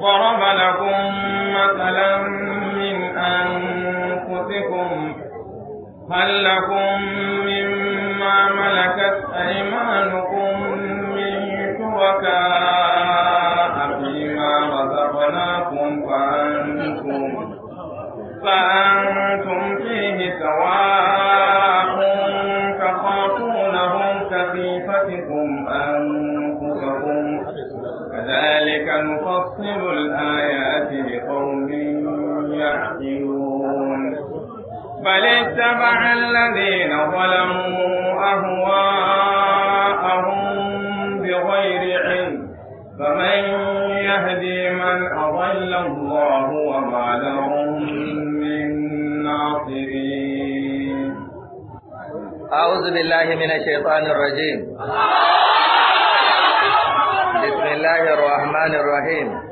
ضرب لكم مثلا من أنفسكم هل لكم مما ملكت أيمانكم من شركاء فيما رزقناكم فأنتم فأنتم نفصل الآيات لقوم يعقلون بل اتبع الذين ظلموا أهواءهم بغير علم فمن يهدي من أضل الله وما لهم من ناصرين أعوذ بالله من الشيطان الرجيم بسم الله الرحمن الرحيم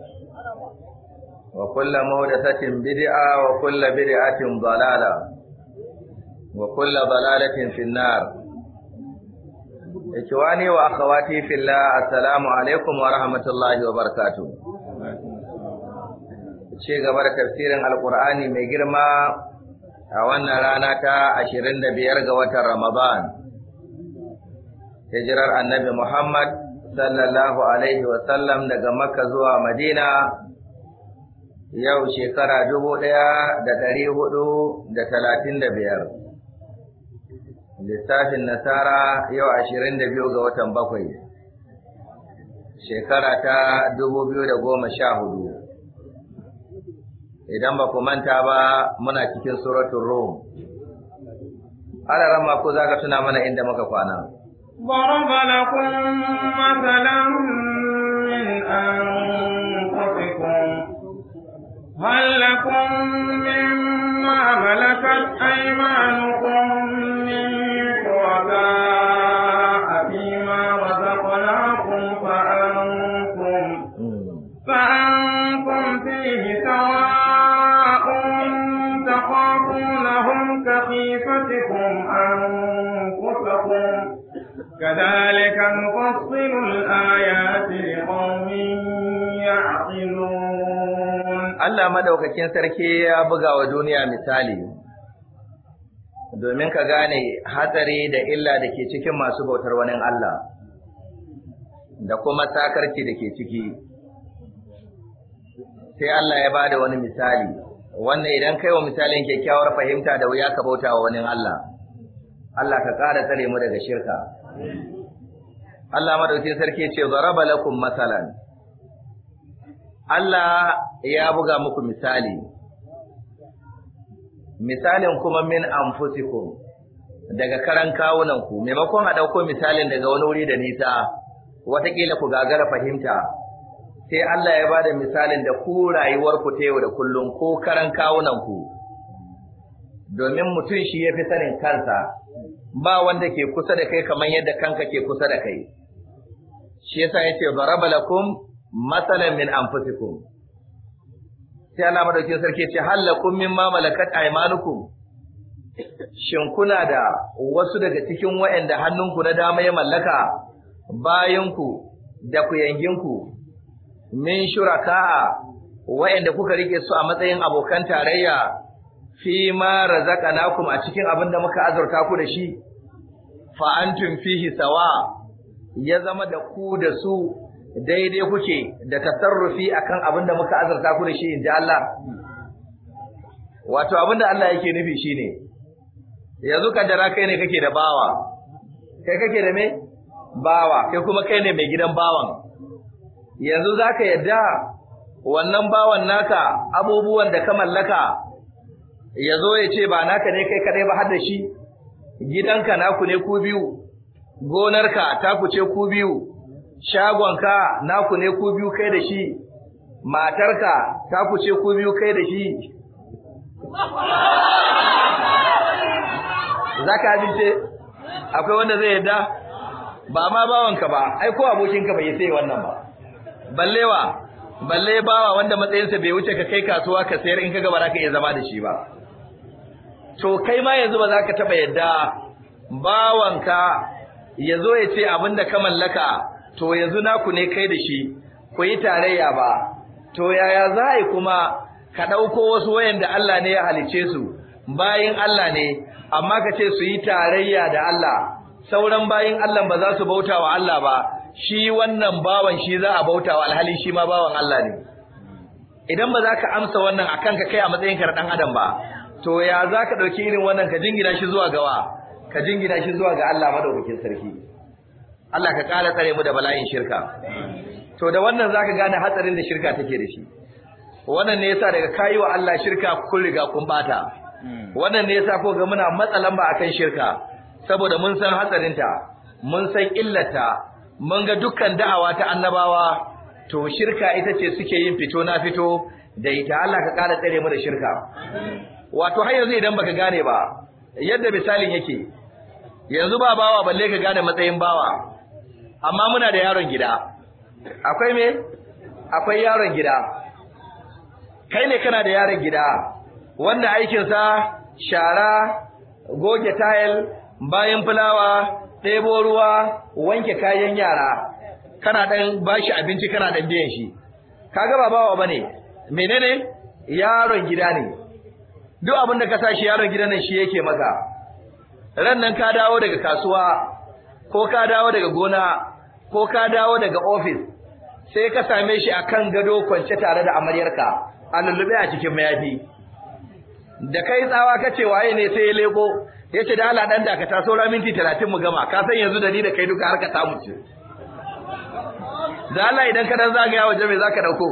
وكل مهدثة بدعة وكل بدعة ضلالة وكل ضلالة في النار إخواني وأخواتي في الله السلام عليكم ورحمة الله وبركاته ce gaba da tafsirin alkur'ani mai girma a wannan rana ta ashirin da biyar ga watan ramadan hijirar annabi muhammad sallallahu alaihi sallam, daga makka zuwa madina yau shekara dubu ɗaya da ɗari hudu da talatin da biyar. Lissafin Nasara yau ashirin da biyu ga watan bakwai, shekara ta dubu biyu da goma sha hudu. Idan ba ku manta ba muna cikin suratun Ala rama ku za ka tuna mana inda muka kwana. ضرب لكم مثلا من أنفسكم هل لكم مما ملكت أيمانكم من شركاء فيما رزقناكم فأنتم فأنتم فيه سواء تخافونهم كخيفتكم أنفسكم كذلك نفصل الآيات لقوم Allah madaukakin sarki ya buga wa duniya misali domin ka gane hatsari da illa da ke cikin masu bautar wani Allah da kuma sakarki da ke ciki sai Allah ya bada wani misali wannan idan kai wa misalin kyakkyawar fahimta da wuya ka bauta wa wani Allah Allah ka ƙara tsare mu daga shirka Allah madaukakin sarki ce zaraba lakum masalan Allah ya buga muku misali misalin kuma min anfusikum daga karan kawunan maimakon a dauko misalin daga wani wuri da nisa watakila ku gagara fahimta sai Allah ya bada misalin da ku rayuwar ku ta yau da kullum ko karan kawunan ku domin mutum shi yafi sanin kansa ba wanda ke kusa da kai kamar yadda kanka ke kusa da kai shi yasa yace barabalakum Matsalan min anfusikum sai Allah madaukin sarki ce halakum ma malakat aymanukum shin kuna da wasu daga cikin waɗanda hannunku na dama ya mallaka bayanku da kuyanginku min shuraka'a waɗanda kuka rike su a matsayin abokan tarayya fi ma razaqnakum a cikin abin da muka azurta ku da shi fa antum fihi sawa ya zama da ku da su daidai kuke da tasarrufi akan abin da muka azurta ku da shi inji Allah wato abin da Allah yake nufi shine yanzu jira kai ne kake da bawa kai kake da me bawa kai kuma kai ne mai gidan bawan yanzu zaka yadda wannan bawan naka abubuwan da ka mallaka yazo ya ce ba naka ne kai kadai ba har da shi gidanka naku ne ku biyu gonarka taku ce ku biyu shagonka naku ne ku biyu kai da shi matarka ta ku ce ku biyu kai da shi za ka abince akwai wanda zai yadda ba ma bawanka ba ai ko abokinka bai sai wannan ba ballewa balle bawa wanda matsayinsa bai wuce ka kai kasuwa ka sayar in ka gaba ka iya zama da shi ba to kai ma yanzu ba za ka taba yadda bawanka ya zo ya ce abin da ka mallaka to yanzu naku ne kai da shi ku yi tarayya ba to yaya za a yi kuma ka ɗauko wasu wayanda Allah ne ya halice su bayin Allah ne amma ka ce su yi tarayya da Allah sauran bayin Allah ba za su bauta wa Allah ba shi wannan bawan shi za a bauta wa alhali shi ma bawan Allah ne idan ba za ka amsa wannan akan ka kai a matsayin ka dan adam ba to ya za ka ɗauki irin wannan ka jingina shi zuwa gawa ka jingina shi zuwa ga Allah madaukakin sarki Allah ka ƙara tsare mu da bala'in shirka to da wannan zaka gane hatsarin da shirka take da shi wannan ne yasa daga kayi wa Allah shirka kun riga kun bata wannan ne yasa ko ga muna matsalan ba akan shirka saboda mun san ta mun san illata mun ga dukkan da'awa ta annabawa to shirka ita ce suke yin fito na fito da ita Allah ka ƙara tsare mu da shirka wato har yanzu idan baka gane ba yadda misalin yake yanzu ba bawa balle ka gane matsayin bawa amma muna da yaron gida akwai me akwai yaron gida kai ne kana da yaron gida wanda aikinsa shara goge tayil bayan fulawa ɗebo ruwa wanke kayan yara kana ɗan bashi abinci kana ɗan biyan shi kaga ba bawa bane menene yaron gida ne duk abin da ka shi yaron gida nan shi yake maka ran nan ka dawo daga kasuwa ko ka dawo daga gona ko ka dawo daga ofis sai ka same shi akan gado kwance tare da amaryarka a lullube a cikin mayafi da kai tsawa kace waye ne sai ya lebo yace da Allah dan taso saura minti 30 mu gama ka san yanzu da ni da kai duka har ta mu ce da Allah idan ka dan zagaya waje me zaka dauko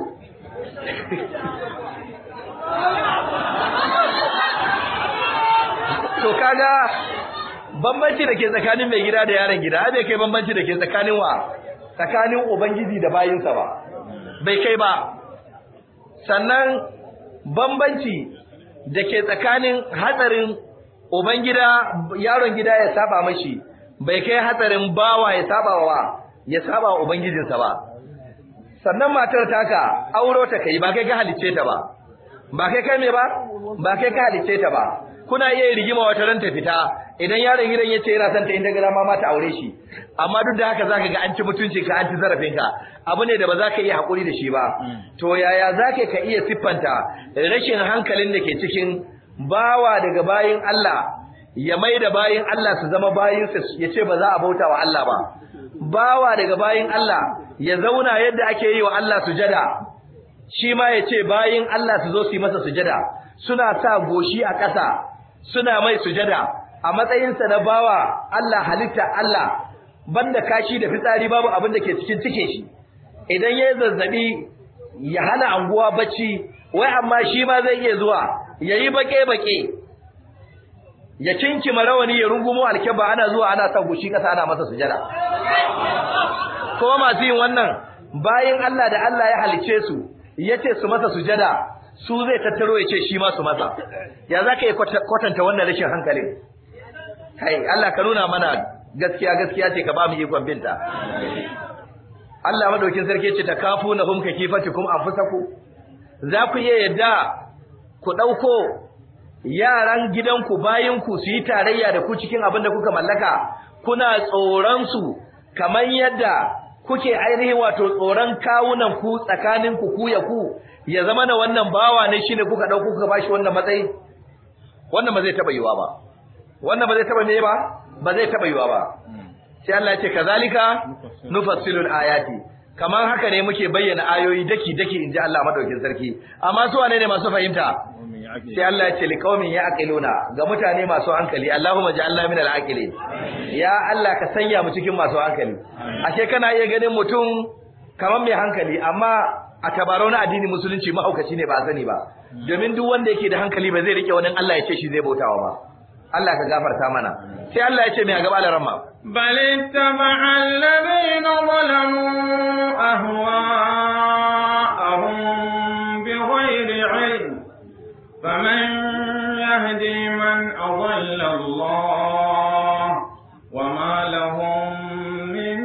to kaga bambanci da ke tsakanin mai gida da yaron gida a bai kai bambanci da ke tsakanin wa tsakanin ubangiji da bayinsa ba bai kai ba sannan bambanci da ke tsakanin hatsarin ubangida yaron gida ya saba mashi bai kai hatsarin bawa ya saba wa ya saba ubangijinsa ba sannan matar taka auro ta kai ba kai ka halice ta ba ba kai kai ba ba kai ka halice ta ba kuna iya rigima wata ran ta fita idan yaron gidan ya ce yana son ta inda gida ma ta aure shi amma duk da haka zaka ga an ci mutunci ka an ci zarafin ka abu ne da ba za ka iya hakuri da shi ba mm. to yaya zaka ka iya siffanta rashin hankalin da ke cikin bawa daga bayin Allah ya mai da bayin Allah su zama bayinsa ya ce ba za a bauta wa Allah ba bawa daga bayin Allah ya zauna yadda ake yi wa Allah sujada shi ma ya ce bayin Allah su zo su yi masa sujada suna sa goshi a ƙasa suna mai sujada a matsayinsa na bawa Allah halitta Allah Ban da kashi da fitsari babu abin da ke cikin cike shi idan yayi zazzabi ya hana anguwa bacci wai amma shi ma zai iya zuwa yayi bake bake ya cinci marawani ya rungumo alkaba ana zuwa ana sa gushi kasa ana masa sujada ko masu yin wannan bayin Allah da Allah ya halice su yace su masa sujada su zai tattaro yace shi ma su masa ya zaka yi kwatanta wannan rashin hankali kai Allah ka nuna mana gaskiya gaskiya ce ka ba mu ikon binta Allah madaukin sarki ce ta na hum kakifatikum anfusaku za ku iya yadda ku dauko yaran gidanku bayinku su yi tarayya da ku cikin abin da kuka mallaka kuna tsoron su kamar yadda kuke ainihin wato tsoron kawunan ku tsakanin ku ku ya ku ya zama na wannan bawa ne shine kuka dauko kuka bashi wannan matsayi wannan ba zai taba yiwa ba wannan ba zai taba ne ba ba zai taɓa yiwa ba sai Allah ya ce kazalika nufassilul ayati kamar haka ne muke bayyana ayoyi daki daki in ji Allah madaukin sarki amma su wane ne masu fahimta sai Allah ya ce liqaumin ya'qiluna ga mutane masu hankali Allahumma ja'alna minal aqilin ya Allah ka sanya mu cikin masu hankali ashe kana iya ganin mutum kamar mai hankali amma a tabarau na addini musulunci mahaukaci ne ba a sani ba domin duk wanda yake da hankali ba zai rike wani Allah ya ce shi zai bautawa ba Allah ka gafarta mana sai Allah ya ce mai a gaba da ramma bal ittaba'a alladhina zalamu ahwa'ahum bighayri ilm man yahdi man adalla Allah ma lahum min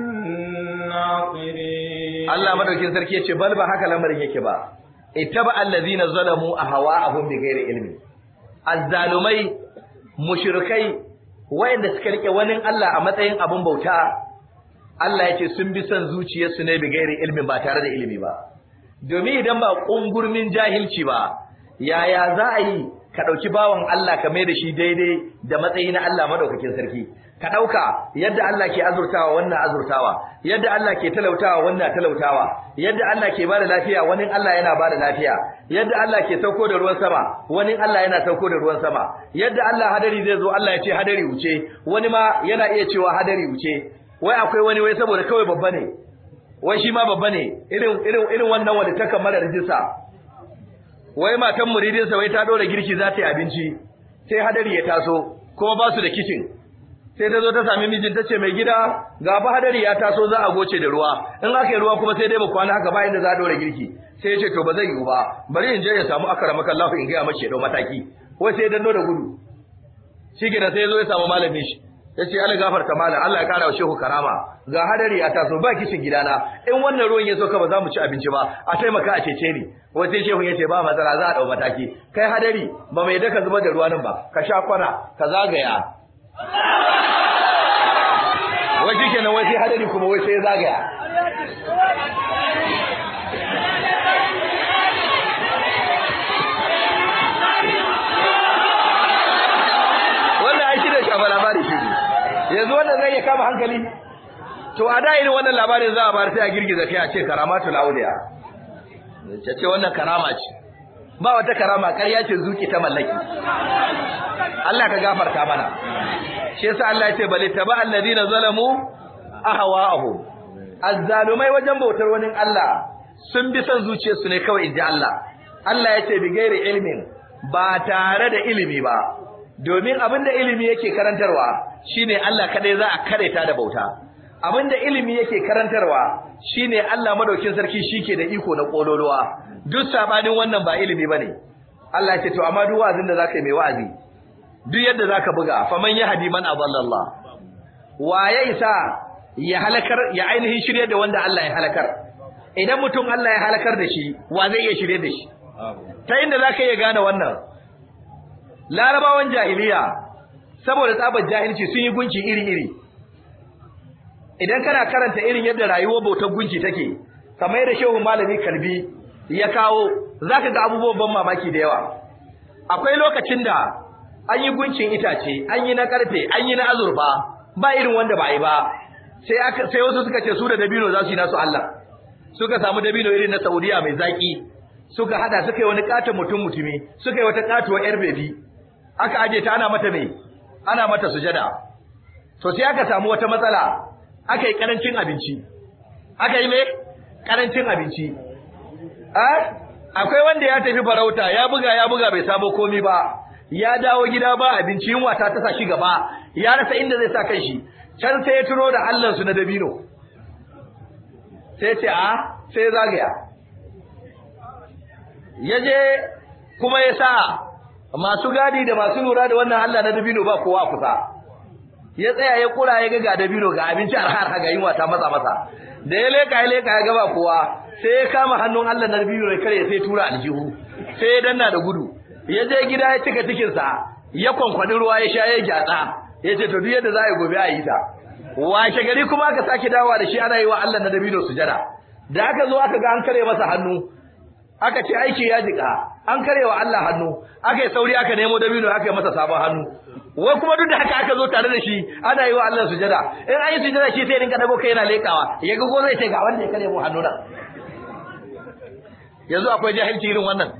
nasirin Allah madaukin sarki ya ce bal ba haka lamarin yake ba ittaba alladhina zalamu ahwa'ahum bighayri ilm azzalumai mushrikai wayanda suka rike wani Allah a matsayin abin bauta Allah yace sun bi son zuciyarsu ne bi gairi ilmin ba tare da ilimi ba domin idan ba kungurmin jahilci ba yaya za a yi ka dauki bawan Allah ka mai da shi daidai da matsayi na Allah madaukakin sarki ka dauka yadda Allah ke azurtawa wannan azurtawa yadda Allah ke talautawa wannan talautawa yadda Allah ke bada lafiya wani Allah yana bada lafiya yadda Allah ke sauko da ruwan sama wani Allah yana sauko da ruwan sama yadda Allah hadari zai zo Allah ya ce hadari wuce wani ma yana iya cewa hadari wuce wai akwai wani wai saboda kawai babba ne wai shi ma babba ne irin irin irin wannan wanda ta kamar rijista wai matan muridinsa wai ta dora girki za ta yi abinci sai hadari ya taso kuma ba su da kicin sai ta zo ta sami mijin ta ce mai gida ga fa hadari ya taso za a goce da ruwa in aka yi ruwa kuma sai dai ba kwana haka bayan da za a dora girki sai ya ce to ba zai yi ba bari in je ya samu akara maka lafi in ga mace dau mataki ko sai danno da gudu shi gida sai ya zo ya samu malamin shi ya ce Allah gafarta malam Allah ya kara wa shehu karama ga hadari ya taso ba kishin gidana in wannan ruwan ya sauka ba za mu ci abinci ba a taimaka a cece ni wace shehu ya ce ba matsala za a dau mataki kai hadari ba mai daka zubar da ruwa nan ba ka sha kwana ka zagaya wai shi kenan wai sai hadari kuma wai sai zagaya wanda ai shirya shafa labari shi yanzu wannan zai iya kama hankali to a da irin wannan labarin za a bar sai a girgiza kai a ce karamatul auliya ta ce wannan karama ce ba wata karama karya ce zuki ta mallaki Allah ka gafarta mana shi yasa Allah ya ce bal taba alladhina zalamu ahwa'ahum azzalumai wajen bautar wani Allah sun bi son zuciyarsu ne kawai inji Allah Allah ya ce bi gairi ilmin ba tare da ilimi ba domin abinda ilimi yake karantarwa shine Allah kadai za a kareta da bauta abinda ilimi yake karantarwa shine Allah madaukin sarki shike da iko na kololuwa duk sabanin wannan ba ilimi bane Allah ya ce to amma duk wa'azin da zakai yi mai wa'azi duk yadda zaka buga faman yahdi man aballallah waye isa ya halakar ya ainihin shirye da wanda Allah ya halakar idan mutum Allah ya halakar da shi wa zai iya shirye da shi ta inda zaka iya gane wannan larabawan jahiliya saboda tsabar jahilci sun yi gunki iri-iri idan kana karanta irin yadda rayuwar bautar gunki take kamar da shehu malami kalbi ya kawo zaka ga abubuwan ban mamaki da yawa akwai lokacin da an yi guncin itace an yi na karfe an yi na azurfa ba irin wanda ba yi ba sai sai wasu suka ce su da dabino za su yi nasu Allah suka samu dabino irin na Saudiya mai zaki suka hada suka yi wani katon mutum mutumi suka yi wata katuwa yar bebi aka aje ta ana mata me ana mata sujada to sai aka samu wata matsala aka yi karancin abinci aka yi me karancin abinci eh? akwai wanda ya tafi farauta ya buga ya buga bai samo komi ba ya dawo gida ba abinci yin wata ta sa shi gaba ya rasa inda zai sa kan shi. can sai ya tuno da Allah su na dabino sai ce a ah, sai zagaya ya je kuma ya sa masu gadi da masu lura da wannan Allah na dabino ba kowa kusa ya tsaya ya kura ya ga dabino ga abinci har har ga yin wata matsa masa da ya leka ya leka ya gaba kowa sai ya kama hannun Allah na dabino ya kare sai tura aljihu sai ya danna da gudu ya je gida ya cika cikinsa ya kwankwaɗi ruwa ya sha ya gyatsa ya ce to duk yadda za a yi gobe a yi ta washe gari kuma aka sake dawowa da shi ana yi wa Allah na dabino sujada da aka zo aka ga an kare masa hannu aka ce aiki ya jika an kare wa Allah hannu aka yi sauri aka nemo dabino aka yi masa sabon hannu wai kuma duk da haka aka zo tare da shi ana yi wa Allah sujada in an yi sujada shi sai rinka dago kai yana lekawa ya ga ko zai ce ga wanda ya kare mu hannu nan yanzu akwai jahilci irin wannan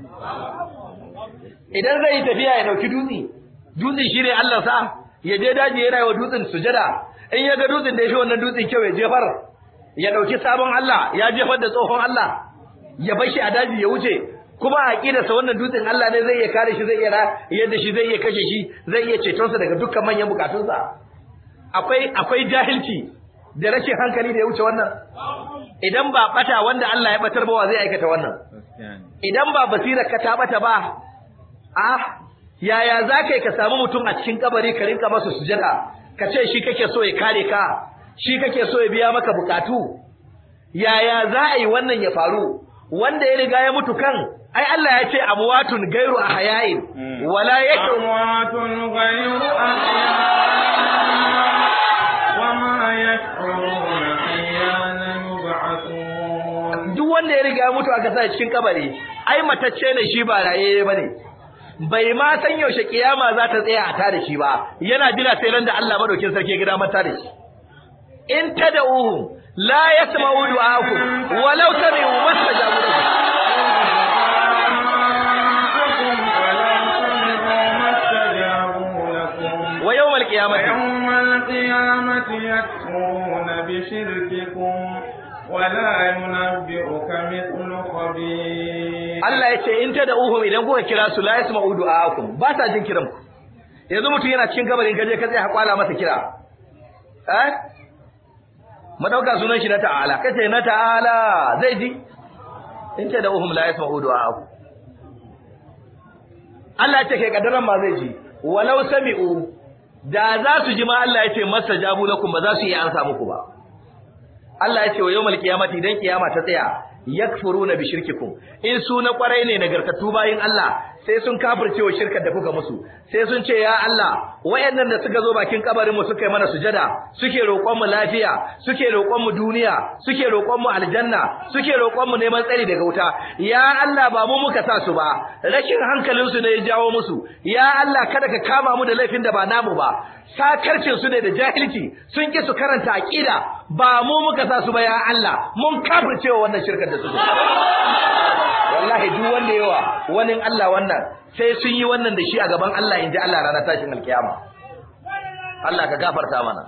idan zai tafiya ya dauki dutse dutse shine Allah sa ya je daji yana yi wa dutsen sujada in ya ga dutsen da ya fi wannan dutsen kyau ya jefar ya dauki sabon Allah ya jefar da tsohon Allah ya bar shi a daji ya wuce kuma a sa wannan dutsen Allah ne zai iya kare shi zai iya yadda shi zai iya kashe shi zai iya cetonsa daga dukkan manyan sa akwai akwai jahilci da rashin hankali da ya wuce wannan idan ba bata wanda Allah ya batar wa zai aikata wannan idan ba basira ka ta bata ba ah yaya zakai ka samu mutum a cikin kabari ka rinka masa sujada ka ce shi kake so ya kare ka shi kake so ya biya maka bukatu yaya za a yi wannan ya faru wanda ya riga ya mutu kan ai Allah ya ce amwatun gairu a hayayin, hmm. wala yake amwatun gairu ahayain wama yashuruna ayyana yub'athun duk wanda ya riga ya mutu a sa cikin kabari ai matacce ne shi ba raye ne. bai ma san yaushe kiyama za ta tsaya a tare shi ba yana jira sai ran da Allah madaukin sarki gida mata da shi in uhu la yasma'u du'aku walau tani mustajabu wa yawmal qiyamati yawmal qiyamati yakfuruna bi shirkikum wa la yunabbi'uka mithlu khabir Allah ya ce in ta da uhum idan kuka kira su la yasma'u du'aakum ba sa jin kiran ku yanzu mutum yana cikin gabarin gaje ka tsaya kwala masa kira eh madauka sunan shi na ta'ala kace na ta'ala zai ji in ta da uhum la yasma'u du'aakum Allah ya ce kai kadaran ma zai ji walau sami'u da za su ji ma Allah ya ce masajabu jabu lakum ba za su yi ansa muku ba Allah ya ce wa yawmal qiyamati idan qiyama ta tsaya yakfuruna bi shirkikum in su na kwarai ne nagartattu bayin Allah sai sun kafirce cewa shirkar da kuka musu sai sun ce ya Allah wayannan da suka zo bakin kabarin mu suka yi mana sujada suke roƙon mu lafiya suke roƙon mu duniya suke roƙon mu aljanna suke roƙon mu neman tsari daga wuta ya Allah ba mu muka sa su ba rashin hankalin su ne ya jawo musu ya Allah kada ka kama mu da laifin da ba namu ba sakarcin su ne da jahilci sun ki su karanta aqida ba mu muka sa su ba ya Allah mun kafirce cewa wannan shirkar da suke wallahi duk wanda yawa wani Allah wannan sai sun yi wannan da shi a gaban Allah inji Allah ranar tashin alkiyama Allah ka gafarta mana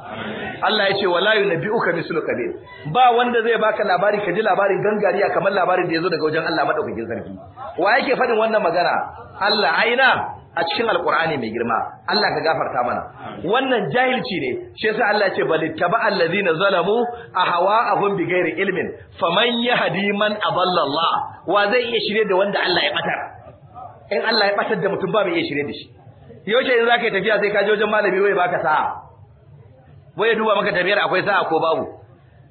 Allah ya ce wala ka mislu kabir ba wanda zai baka labari ka ji labarin gangariya kamar labarin da yazo daga wajen Allah madaukakin sarki wa yake fadin wannan magana Allah aina a cikin alkur'ani mai girma Allah ka gafarta mana wannan jahilci ne shi yasa Allah ya ce bal taba allazina zalamu ahwa'ahum bighairi ilmin faman yahdi man adalla Allah wa zai iya shirye da wanda Allah ya ɓatar? in Allah ya batar da mutum ba mai iya shirye da shi yaushe in zaka yi tafiya sai ka je wajen malami wai baka sa'a wai duba maka tafiyar akwai sa'a ko babu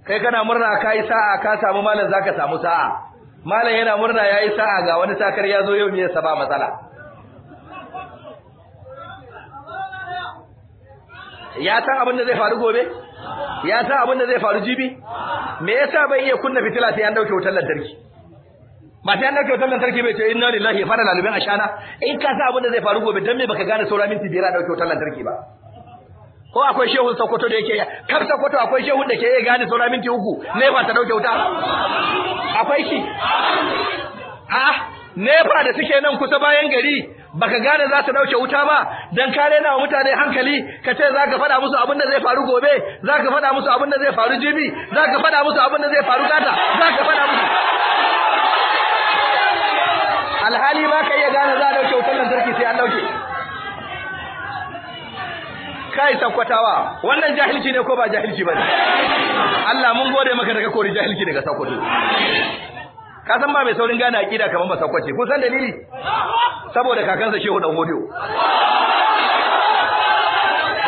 kai kana murna ka yi sa'a ka samu malam zaka samu sa'a malam yana murna yayi sa'a ga wani sakar ya zo yau me yasa ba matsala ya san abin da zai faru gobe ya san abin da zai faru jibi me yasa bai iya kunna fitila sai an dauke wutar lantarki ba sai an dauke lantarki bai ce inna lillahi ya fara lalubin ashana in ka sa abin da zai faru gobe dan me baka gane saura minti biyar a dauke lantarki ba ko akwai shehun Sokoto da yake kar Sokoto akwai shehun da ke iya gane saura minti uku ne ba ta dauke wuta akwai shi a nefa da suke nan kusa bayan gari baka gane za ta dauke wuta ba dan kare na mutane hankali ka ce za ka fada musu abin da zai faru gobe Za ka fada musu abin da zai faru jibi ka fada musu abin da zai faru gata ka fada musu alhali ba ka iya gane za a dauke wutar lantarki sai an dauke kai sakwatawa wannan jahilci ne ko ba jahilci ba ne Allah mun gode maka daga kori jahilci daga sakwato ka san ba mai saurin gane akida kamar ba sakwace kun san dalili saboda kakansa shehu dan godiyo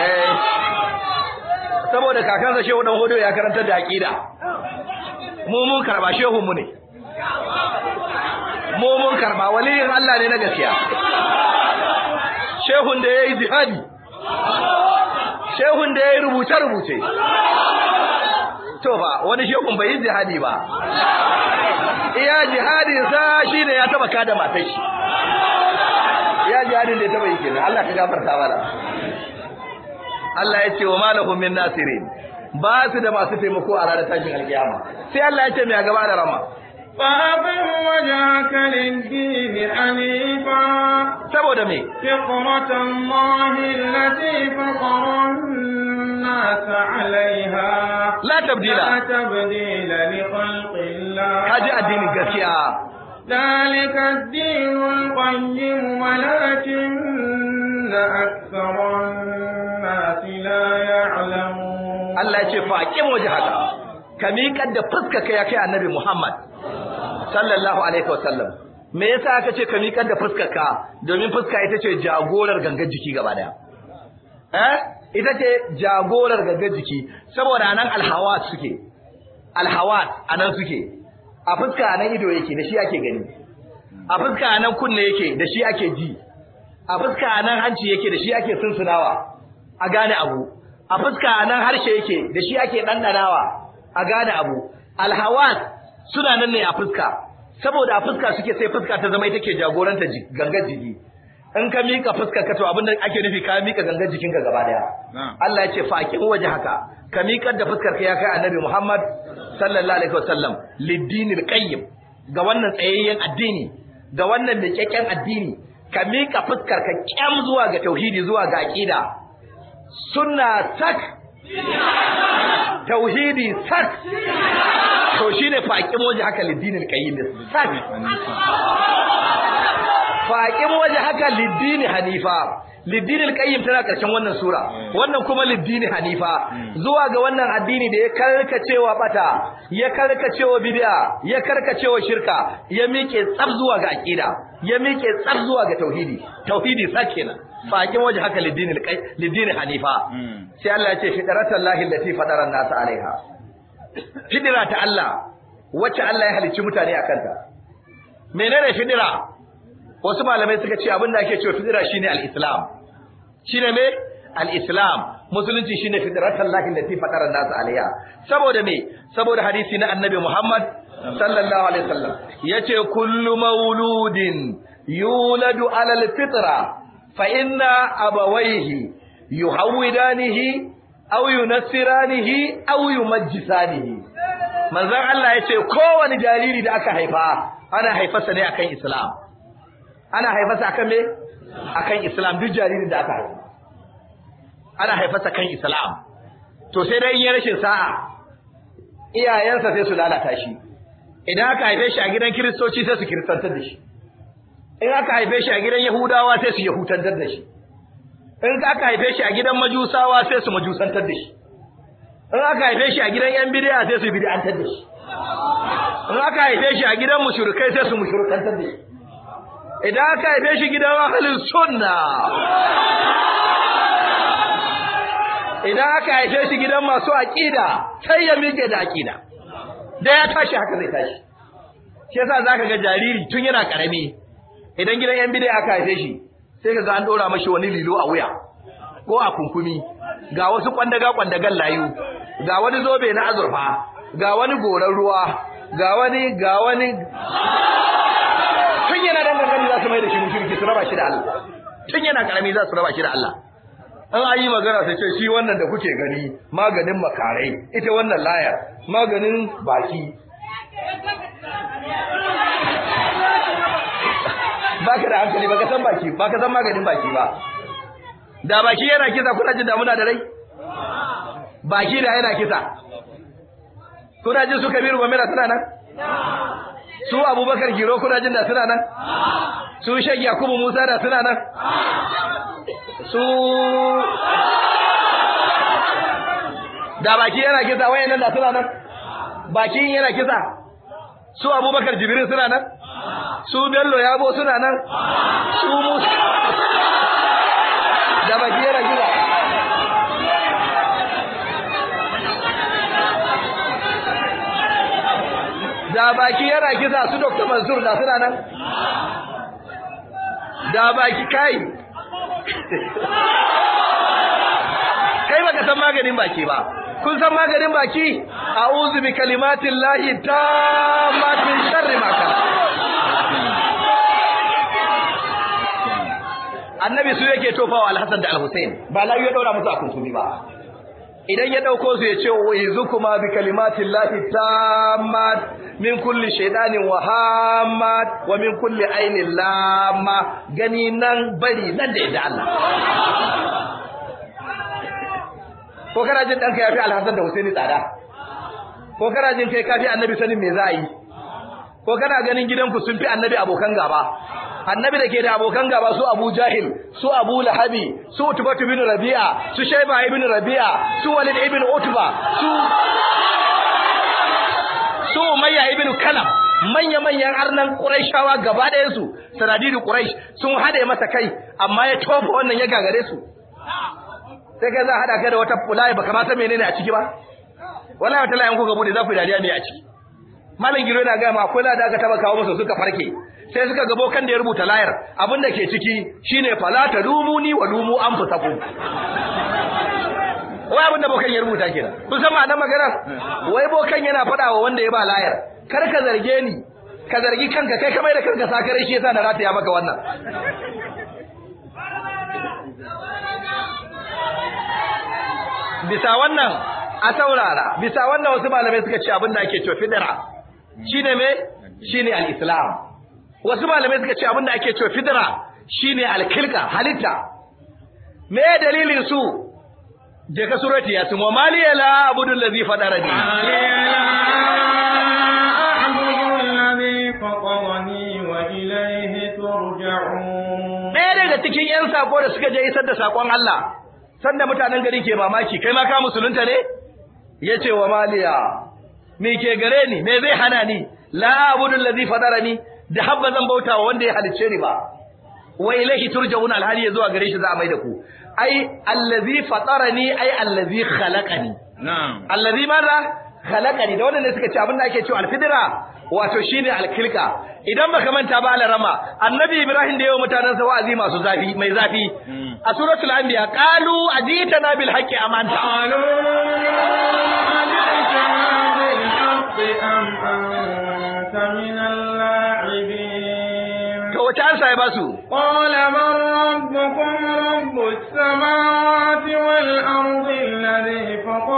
eh, saboda kakansa shehu dan godiyo ya karanta da akida mu mun karba shehu mu ne mu mun karba waliyin Allah ne na gaskiya shehun da yayi jihadi shehun da yayi rubuce rubuce to ba wani shehun bai yi jihadi ba iya jihadi sa shine ya taba kada matai shi iya jihadi da taba yi ne Allah ka gafarta mana Allah ya ce wa malahum min nasirin ba su da masu taimako a ranar tashin alkiyama sai Allah ya ce mai gaba da rama فأقم وجهك للدين حنيفا saboda me فطرة الله التي فطر الناس عليها لا تبديل لا تبديل لخلق الله هذا الدين القسيا ذلك الدين القيم ولكن أكثر الناس لا يعلمون الله يشفع كم وجهك ka miƙar da fuskarka ya kai annabi Muhammad sallallahu alaihi wasallam me yasa aka ce ka miƙar da fuskarka domin fuska ita ce jagorar gangar jiki gaba daya eh ita ce jagorar gangar jiki saboda anan alhawat suke alhawat anan suke a fuska anan ido yake da shi ake gani a fuska anan kunne yake da shi ake ji a fuska anan hanci yake da shi ake sunsunawa a gane abu a fuska anan harshe yake da shi ake ɗanɗanawa a gane abu alhawas suna nan ne a fuska saboda a fuska suke sai fuska ta zama take ke jagoranta gangar jiki in ka mika fuska ka to abin da ake nufi ka mika gangar jikin ka gaba daya Allah ya ce fakin waje haka ka mikar da fuskar ka ya kai annabi Muhammad sallallahu alaihi wasallam liddinil qayyim ga wannan tsayayyen addini ga wannan kekken addini ka mika fuskar ka kyam zuwa ga tauhidi zuwa ga aqida sunna sak tauhidi sak to shi ne faqim waje haka Lidinin qayyim sak faqim waje haka Lidinin hanifa liddinil qayyim tana karshen wannan sura wannan kuma liddini hanifa zuwa ga wannan addini da ya karkacewa bata ya karkacewa bid'a ya karkacewa shirka ya miƙe tsab zuwa ga aqida ya miƙe tsab zuwa ga tauhidi tauhidi sakena fakin waje haka liddini liddini hanifa sai Allah ya ce fidratallahi allati fatara an-nas alaiha fidira ta Allah wacce Allah ya halicci mutane akan ta menene fidira wasu malamai suka ce abin da ake cewa fidira shine al-islam shine me al-islam musulunci shine fidratan lakin da fadara nasu alayya saboda me saboda hadisi na annabi Muhammad sallallahu alaihi wasallam yace kullu mauludin yuladu ala al-fitra fa inna abawayhi yuhawidanihi aw yunassiranihi aw yumajjisanihi manzon Allah yace kowani jariri da aka haifa ana haifarsa ne akan islam ana haifasa akan me akan islam duk jaririn da aka haifa ana haifasa kan islam to sai dai yin rashin sa'a iyayensa sai su lalata shi idan aka haife shi a gidan kiristoci sai su kristantar da shi in aka haife shi a gidan yahudawa sai su yahutantar da shi in aka haife shi a gidan majusawa sai su majusantar da shi in aka haife shi a gidan yan bid'a sai su bid'antar da shi in aka haife shi a gidan mushrikai sai su mushrikantar da shi idan aka haife shi gidan ahlus sunna idan aka haife shi gidan masu aƙida, sai ya miƙe da aqida da ya tashi haka zai tashi shi yasa zaka ga jariri tun yana karami idan gidan yan bidai aka haife shi sai ka ga an dora mashi wani lilo a wuya ko a kunkumi ga wasu kwandaga kwandagan layu ga wani zobe na azurfa ga wani goran ruwa ga wani ga wani su mai da shi mushriki su raba shi da Allah tun yana karami za su raba shi da Allah an ayi magana sai ce shi wannan da kuke gani maganin makarai ita wannan layar maganin baki baka da hankali baka san baki baka san maganin baki ba da baki yana kisa kuna jin damuna da rai baki da yana kisa kuna jin su kabiru bamira suna nan su abubakar giro kuna jin da suna nan su shek yakubu musa da suna nan su da baki yana kisa wayan nan da suna nan baki yana kisa su abubakar jibirin suna nan su bello yabo suna nan su musa da baki yana kisa su Dr. Mansur da suna nan da baki kai kai baka san maganin baki ba kun san maganin baki a'udhu bi kalimatin lahi mafi sharri ma annabi su yake tofawa al da al ba layu ya daura musu a kuntumi ba idan ya dauko su ya ce wa izukuma bi kalimatin lahi tammat min kulli shaytanin wa hammat wa min kulli ainin lamma gani nan bari nan da yadda Allah ko kana jin danka yafi alhassan da husaini tsada ko kana jin kai kafi annabi sanin me za'a yi ko kana ganin gidanku sun fi annabi abokan gaba annabi da ke da abokan gaba su Abu Jahil su Abu Lahabi su utubatu bin Rabi'a su Shaiba ibn Rabi'a su Walid ibn Utba su su Umayya ibn kalam manya-manyan arnan ƙuraishawa gaba ɗayan su sanadidu Quraysh sun hade masa kai amma ya tofa wannan ya gagare su sai kai za a hada kai da wata fulaya ba kamata san menene a ciki ba wallahi wata layan kuka bude za ku dariya ne a ciki malam giro yana gaya ma akwai lada aka taba kawo masa suka farke sai suka gabo kan da ya rubuta layar abin da ke ciki shine fala ta lumuni wa lumu anfusakum wai abin da bokan ya rubuta kenan kun san ma'anar magana wai bokan yana faɗa wa wanda ya ba layar kar ka zarge ni ka zargi kanka kai kamar da kanka sakar shi yasa na rataya maka wannan bisa wannan a saurara bisa wannan wasu malamai suka ce abin da ake cewa fidira ne me Shi ne Al'islam. wasu malamai suka ce abinda ake cewa fidira shi ne alkilka halitta me dalilin su je ka surati ya sun Maliyala, maliya la abudu allazi fadarani Ɗaya daga cikin ‘yan sako da suka je isar da sakon Allah, sanda mutanen gari ke mamaki, kai ma ka musulunta ne? Ya ce wa maliya, me ke gare ni me zai hana ni la abudu allazi ni? da habba zan bauta wa wanda ya halicce ni ba wa ilayhi turja'un alhali ya zuwa gare shi za a mai da ku ai allazi fatarani ai allazi khalaqani na'am allazi madha khalaqani da wanda suka ce abin da ake cewa alfidra wato shine alkilka idan baka manta ba alarama annabi ibrahim da yawa mutanen sa wa'azi masu zafi mai zafi hmm. a suratul anbiya qalu ajitana bil haqqi amanta qalu ajitana الحق أم أنت من اللاعبين قال من ربكم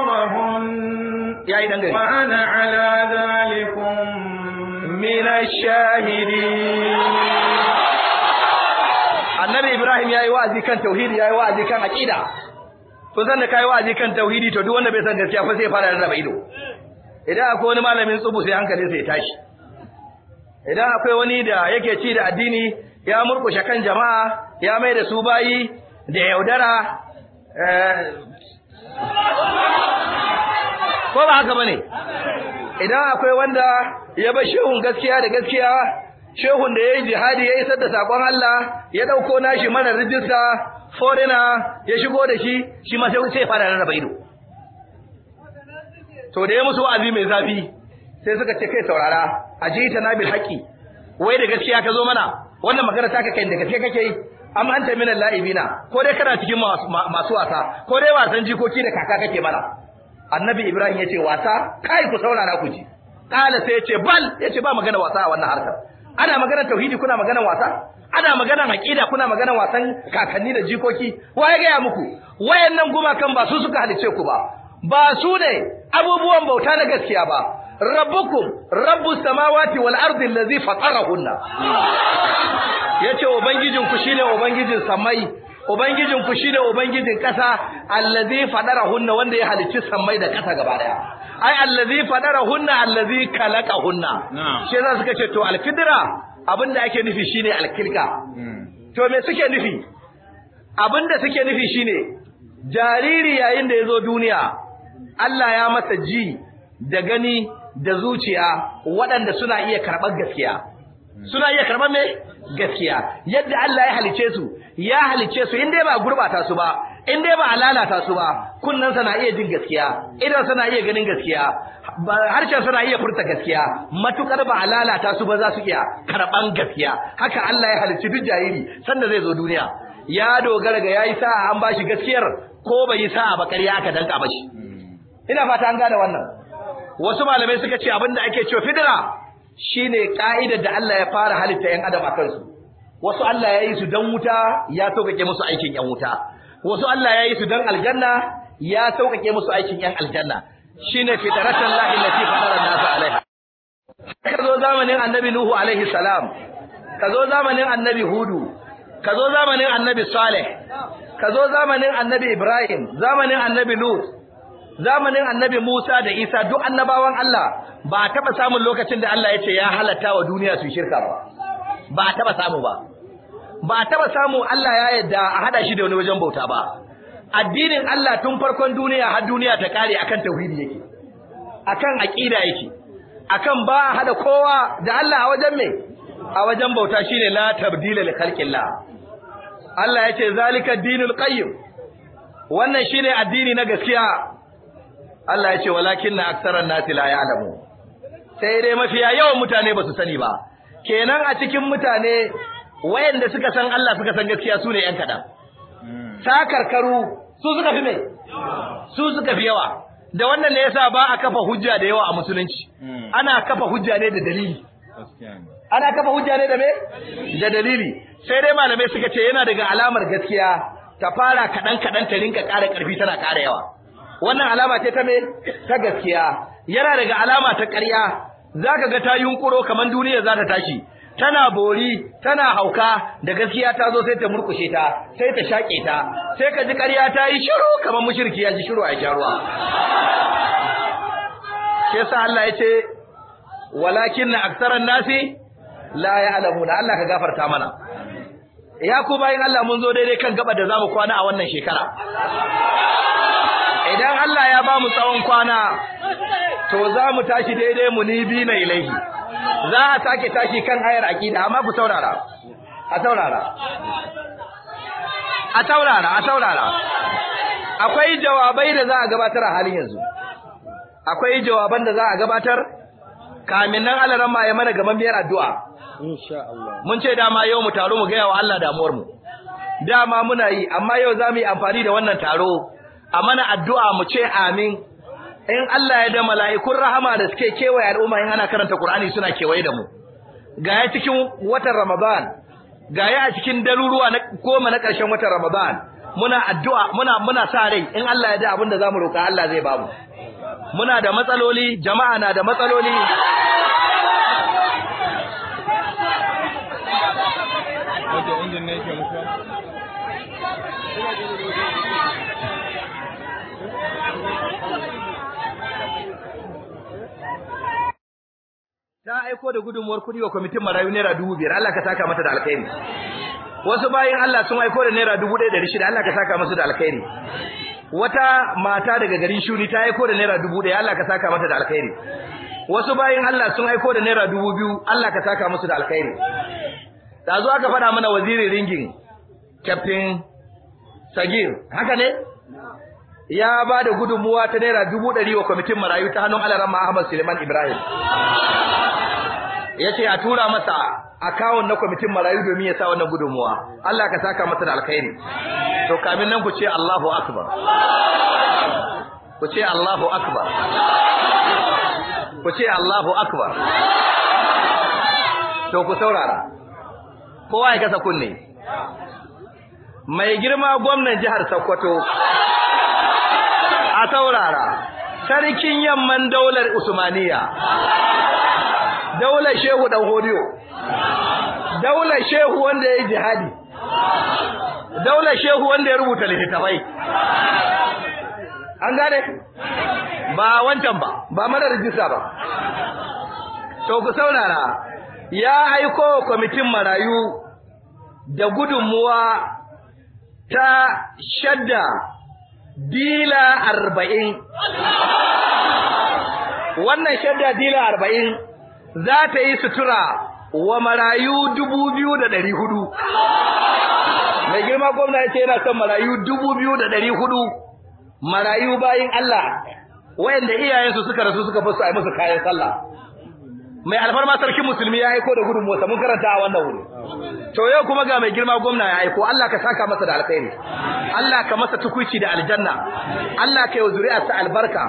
رب annabi Ibrahim ya yi wa'azi kan tauhidi ya yi wa'azi kan aqida to san da yi wa'azi kan tauhidi to duk wanda bai san gaskiya fa sai fara rarraba ido idan akwai wani malamin tsubu sai hankalin sai tashi idan akwai wani da yake ci da addini ya murkushe kan jama'a ya mai da su bayi da yaudara eh, ko ba haka bane idan akwai wanda ya bar shehun gaskiya da gaskiya shehun da yayi jihadi ya isar da sakon Allah ya ɗauko nashi mana rijista forina ya shigo da shi shi ma sai fara rarraba ido to da ya musu wa'azi mai zafi sai suka ce kai saurara ajita na bil haqi wai da gaskiya ka zo mana wannan magana ta ka kai da gaskiya kake yi am anta minal la'ibina ko dai kana cikin masu wasa ko dai wasan jikoki da kaka kake mana annabi ibrahim yace wasa kai ku saurara ku ji kala sai yace bal yace ba magana wasa a wannan harkar ana magana tauhidi kuna magana wasa ana magana aqida kuna magana wasan kakanni da jikoki waye ga ya muku wayannan gumakan ba su suka halice ku ba ba su ne abubuwan bauta na gaskiya ba rabbukum rabbus samawati wal ardi allazi fatarahunna yace ku shine ubangijin samai ubangijin ku ne Ubangijin ƙasa, allazi faɗara hunna wanda ya halicci samai da ƙasa gaba daya. Ai, allazi faɗara hunna, allazi kalaka hunna. Shi za su ce, to alfidira abin da ake nufi shine alkilka. Hmm. To me suke nufi? abinda da suke nufi shine jariri yayin da ya zo duniya Allah ya masa ji da gani da zuciya waɗanda suna iya karɓar gaskiya suna iya karɓar mai gaskiya yadda Allah ya halice su ya halice su inda dai ba gurbata su ba inda dai ba lalata su ba kunnan na iya jin gaskiya idan na iya ganin gaskiya harshen sana iya furta gaskiya matukar ba lalata su ba za su iya karɓan gaskiya haka Allah ya halice duk jariri sanda zai zo duniya ya dogara ga yi sa'a an bashi gaskiyar ko bai yi sa'a ba karya aka danka bashi ina fata an gane wannan wasu malamai suka ce abinda ake cewa fidira shine ka'idar da Allah ya fara halitta ƴan adam akan su wasu Allah ya yi su dan wuta ya sauƙaƙe musu aikin ƴan wuta wasu Allah ya yi su dan aljanna ya sauƙaƙe musu aikin ƴan aljanna shine fitaratan lahi lati fatara nasu alaiha ka zo zamanin annabi nuhu alaihi salam ka zo zamanin annabi hudu ka zo zamanin annabi saleh ka zo zamanin annabi ibrahim zamanin annabi lut zamanin annabi Musa da Isa duk annabawan Allah ba a taɓa samun lokacin da Allah ya ce ya halatta wa duniya su shirka ba ba a taɓa samu ba ba a taɓa samu Allah ya yadda a haɗa shi da wani wajen bauta ba addinin Allah tun farkon duniya har duniya ta kare akan tauhidi yake akan aqida yake akan ba hada kowa da Allah a wajen me a wajen bauta shine la tabdila li khalqillah Allah yace zalika dinul qayyim wannan shine addini na gaskiya Allah ya ce walakin na aksaran nasi la ya'lamu sai dai mafiya yawan mutane ba su sani ba kenan a cikin mutane wayanda suka san Allah suka san gaskiya su ne yan Sa sakarkaru su suka fi me su suka fi yawa da wannan ne yasa ba a kafa hujja da yawa a musulunci hmm. ana kafa hujja ne da dalili ana kafa hujja ne da me da dalili sai dai malamai suka ce yana daga alamar gaskiya ta fara kaɗan kaɗan ta rinka ƙara ƙarfi tana ƙara yawa wannan alama ce ta me ta gaskiya yana daga alama ta ƙarya zaka ga ta yunkuro kaman duniya za ta tashi tana bori tana hauka da gaskiya ta zo sai ta murkushe ta sai ta shake ta sai ka ji ƙarya ta yi shiru kaman mushriki ya ji shiru a jaruwa Ke sa Allah ya ce walakin aktsaran nasi la ya'lamuna Allah ka gafarta mana ya ku bayin Allah mun zo daidai kan gaba da zamu kwana a wannan shekara idan Allah ya ba mu tsawon kwana to za mu tashi daidai mu ni bi na ilahi za a sake tashi kan ayar aqida amma ku saurara a saurara a saurara a saurara akwai jawabai da za a gabatar a halin yanzu akwai jawaban da za a gabatar kamin nan Allah ran ma ya mana gaban biyar addu'a insha Allah mun ce dama yau mu taro mu ga yawa Allah damuwar mu dama muna yi amma yau za mu yi amfani da wannan taro a mana addu'a mu ce amin in Allah ya da mala'ikun rahama da suke kewaye al'umma in ana karanta Qur'ani suna kewaye da mu ga ya cikin watan Ramadan ga ya cikin daruruwa na goma na ƙarshen watan Ramadan muna addu'a muna muna sa rai in Allah ya da abin da zamu roƙa Allah zai ba Mu muna da matsaloli jama'a na da matsaloli ta aiko da gudunmuwar kuɗi wa kwamitin marayu naira dubu biyar Allah ka saka mata da alkhairi wasu bayin Allah sun aiko da naira dubu ɗaya da shida Allah ka saka masu da alkhairi wata mata daga garin shuni ta aiko da naira dubu ɗaya Allah ka saka mata da alkhairi wasu bayin Allah sun aiko da naira dubu biyu Allah ka saka musu da alkhairi da zuwa ka faɗa mana wazirin ringin captain Sagir haka ne ya ba da gudunmuwa ta naira dubu ɗari wa kwamitin marayu ta hannun alarama Ahmad Suleiman Ibrahim yace a tura masa akawun na kwamitin marayu domin ya sa wannan gudunmuwa Allah ka saka masa da alkhairi to kamin nan ku ce Allahu akbar ku ce Allahu akbar ku ce Allahu akbar to ku saurara kowa ya kasa kunne mai girma gwamnan jihar Sokoto a saurara sarkin yamman daular Usmaniya daular shehu dan hodiyo daular shehu wanda ya yi jihadi daular shehu wanda ya rubuta littattafai an gane ba wancan ba ba mara rijista ba to ku saurara ya aiko kwamitin marayu da gudunmuwa ta shadda dila arba'in wannan shadda dila arba'in za ta yi sutura wa marayu dubu biyu da ɗari hudu. Mai girma gwamna ya ce yana son marayu dubu biyu da ɗari hudu, marayu bayin Allah, wayanda iyayensu suka rasu suka fasu a musu kayan sallah. mai alfarma sarkin musulmi ya aiko da gudun motsa mun karanta a wannan wuri to yau kuma ga mai girma gwamna ya aiko Allah ka saka masa da alkhairi Allah ka masa tukuici da aljanna Allah ka yi zuri'arsa albarka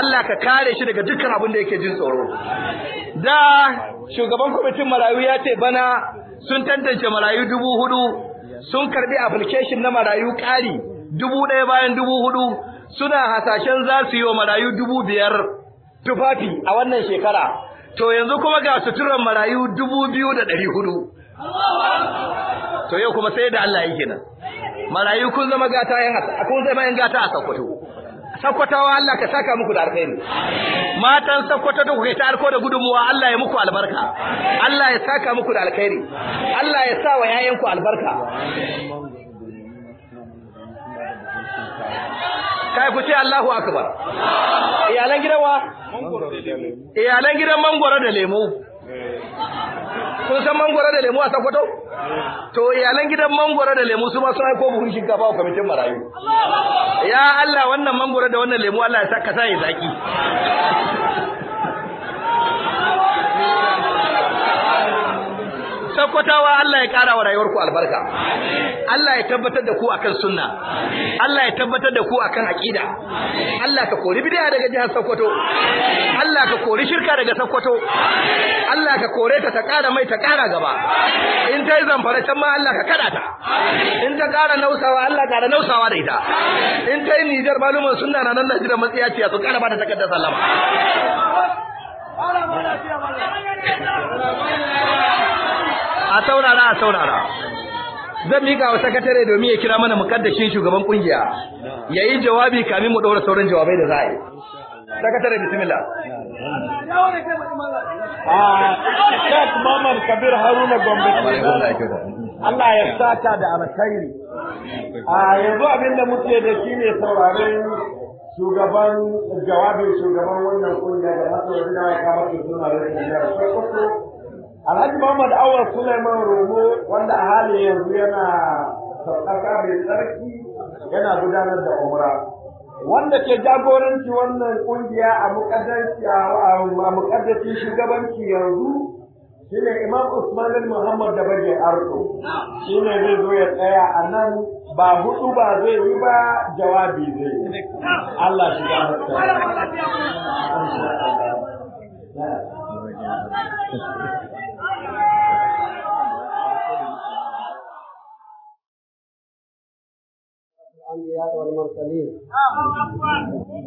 Allah ka kare shi daga dukkan abin da yake jin tsoro da shugaban kwamitin marayu ya ce bana sun tantance marayu dubu hudu sun karbi application na marayu kari dubu ɗaya bayan dubu hudu suna hasashen za su yi wa marayu dubu biyar tufafi a wannan shekara to yanzu kuma ga suturan marayu dubu biyu da ɗari hudu to yau kuma sai da Allah yake nan marayu kun zama gata yin hasa kun zama yin gata a Sokoto Sokotawa Allah ka saka muku da alkhairi matan Sokoto da kuke ta tarko da gudunmuwa Allah ya muku albarka Allah ya saka muku da alkhairi Allah ya sa wa yayanku albarka kai ku ce Allahu akbar iyalan gidan wa iyalan gidan mangoro da lemo kun san mangoro da lemo a sakwato to iyalan gidan mangoro da lemo su ma sun aiko buhun shinkafa wa kwamitin marayu ya Allah wannan mangoro da wannan lemo Allah ya saka sa zaki sakkwatawa Allah ya ƙara wa rayuwarku albarka Allah ya tabbatar da ku akan sunna Allah ya tabbatar da ku akan aƙida? Allah ka kori bidiya daga jihar Sokoto Allah ka kori shirka daga Sokoto Allah ka kore ta ta ƙara mai ta ƙara gaba in ta yi zamfara can ma Allah ka kada ta in ta ƙara nausawa Allah ƙara nausawa da ita in ta yi Nijar malumin sunna na nan Najeriya matsiya ce su ƙara ba ta takardar sallama a saurara a saurara zan mika wa sakatare domin ya kira mana mukaddashin shugaban kungiya yayi jawabi kamin mu daura sauran jawabai da za'a yi sakatare bismillah Sheikh Mamman Kabir Haruna Gombe Allah ya sata da alkhairi a yanzu abinda muke da shi ne sauraren shugaban jawabin shugaban wannan kungiya da masu yanzu da ya kama ke suna da rikin jihar Sokoto. Alhaji Muhammad Awal Suleiman Romo wanda a halin yanzu yana sauƙaƙa mai tsarki yana gudanar da umra. Wanda ke jagoranci wannan kungiya a muƙaddacin shugabanci yanzu shine Imam Usman Muhammad da Bagin Arko. Shine zai zo ya tsaya a nan ba hudu ba zai yi ba jawabi zai yi Allah shi ga mutum الأنبياء والمرسلين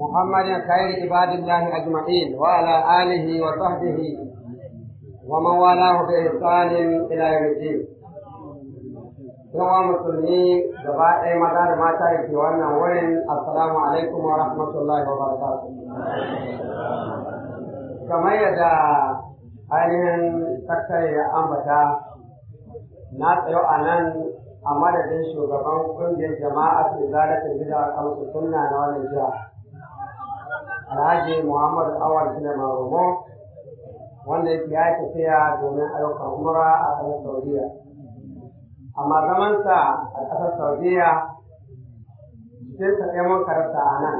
محمد خير عباد الله أجمعين وعلى آله وصحبه ومن والاه بإحسان إلى يوم الدين. يوم المسلمين gaba ɗaya maza da mata da ke wannan wurin assalamu alaikum wa rahmatullahi wa barakatuh kamar yadda ainihin sakkare ya ambata na tsayo a nan a madadin shugaban ƙungiyar jama'a su ta gida kamsu suna na wannan jiha alhaji muhammad awal gina marumo wanda ya ya tafiya domin ayyukan mura a ƙasar saudiya amma zamansa a ƙasar saudiya sai ta ɗaya mun karanta a nan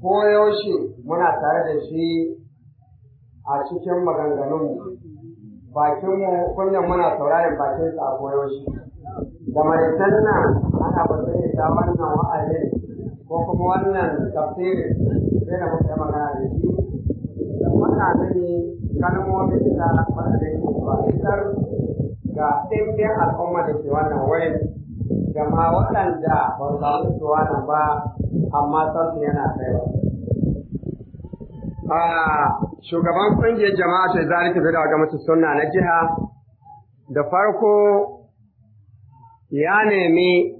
ko yaushe muna tare da shi a cikin maganganunmu bakinmu kunyan muna bakin sa a koyaushe da mai nan ana batun da wannan wa'azin ko kuma wannan tafsirin sai da muka yi magana da shi da muna nuni kalmomin da ba da yake ba ga ɗimbin al'umma da ke wannan wurin da ma waɗanda ba su samu su wani ba amma sarsu yana kaiwa. Shugaban ƙungiyar jama'a ce zalika bi da mutu sunna na jiha da farko ya nemi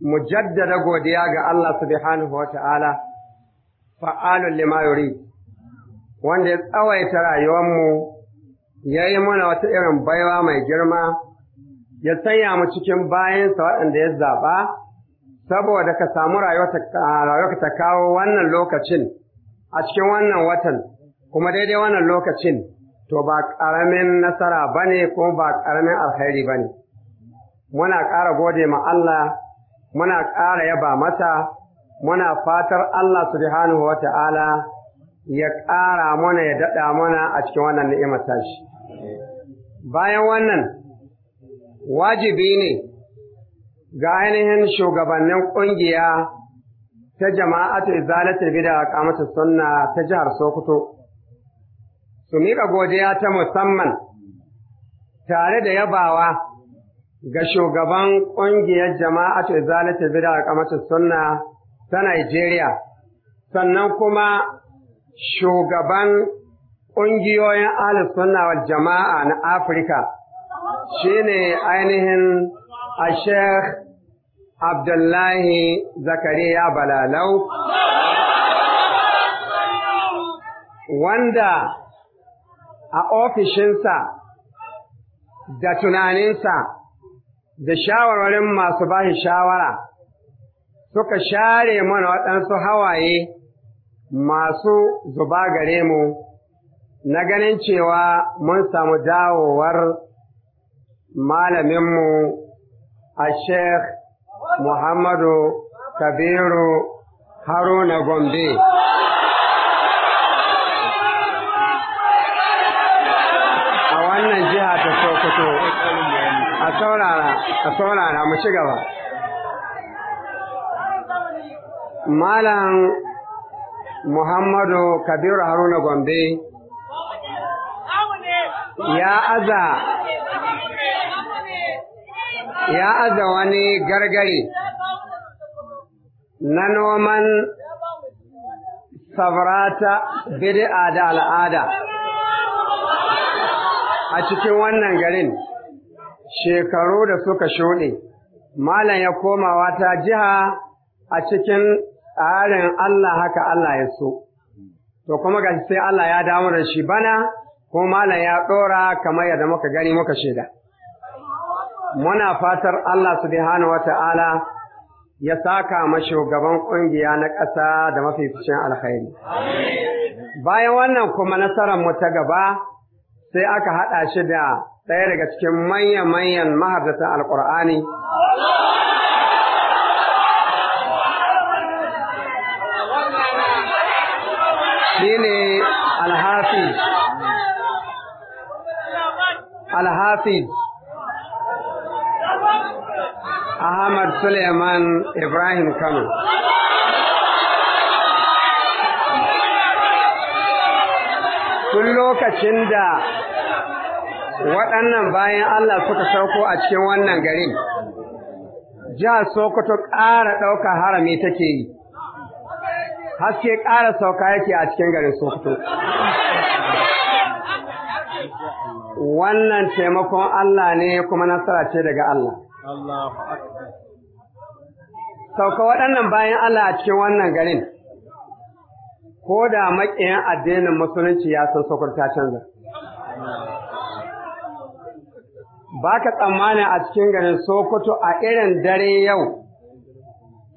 mu jaddada godiya ga Allah subhanahu wa ta'ala fa'alun lima wanda ya tsawaita rayuwarmu ya yi mana wata irin baiwa mai girma, ya sanya mu cikin bayansa waɗanda ya zaɓa, saboda ka samu rayuwa ta kawo wannan lokacin, a cikin wannan watan, kuma daidai wannan lokacin, to ba ƙaramin nasara ba ne kuma ba ƙaramin alkhairi ba ne. Muna ƙara gode ma Allah, muna ƙara yaba mata, muna fatar Allah subhanahu wa ta'ala ya ƙara mana ya daɗa mana a cikin wannan ni'imar tashi. Bayan wannan, wajibi ne ga ainihin shugabannin ƙungiya ta jama'atu izalatul bid'a kamata sunna ta jihar Sokoto su miƙa godiya ta musamman tare da yabawa ga shugaban ƙungiyar jama'atu izalatul bid'a kamata sunna ta Najeriya sannan kuma shugaban ƙungiyoyin Alif suna jama'a na Afirka shine ainihin a Sheikh Abdullahi Zakariya Balalau wanda a ofishinsa da tunaninsa da shawarwarin masu bashi shawara suka share mana waɗansu hawaye masu zuba gare mu na ganin cewa mun samu dawowar malaminmu a Sheikh Muhammadu Kabiru Haruna Gombe. A wannan jiha ta Sokoto, a saurara, a saurara mu ci gaba. Malam Muhammadu Kabiru Haruna Gombe. ya aza ya aza wani gargari na noman sabrata bid'a da al'ada a cikin wannan garin shekaru da suka shuɗe malam ya komawa ta jiha a cikin tsarin Allah haka Allah ya so to kuma ga sai Allah ya damu da shi bana ko malam ya ɗora kamar yadda muka gani muka shaida. Muna fatar Allah subhanahu wa ta'ala ya saka ma shugaban ƙungiya na ƙasa da mafificin alkhairi. Bayan wannan kuma nasarar mu ta gaba sai aka haɗa shi da ɗaya daga cikin manya-manyan mahadatan alƙur'ani. Shi ne alhafi Alhafiz Ahmad Suleiman Ibrahim Kano. Tun lokacin da waɗannan bayan Allah suka sauko a cikin wannan garin, jihar Sokoto ƙara ɗauka harami take yi, haske ƙara sauka yake a cikin garin Sokoto. wannan taimakon Allah ne kuma nasara ce daga Allah. Sauka waɗannan bayan Allah a cikin wannan garin, ko da maƙiyan addinin musulunci ya san ta canza. Ba ka tsammanin a cikin garin Sokoto a irin dare yau,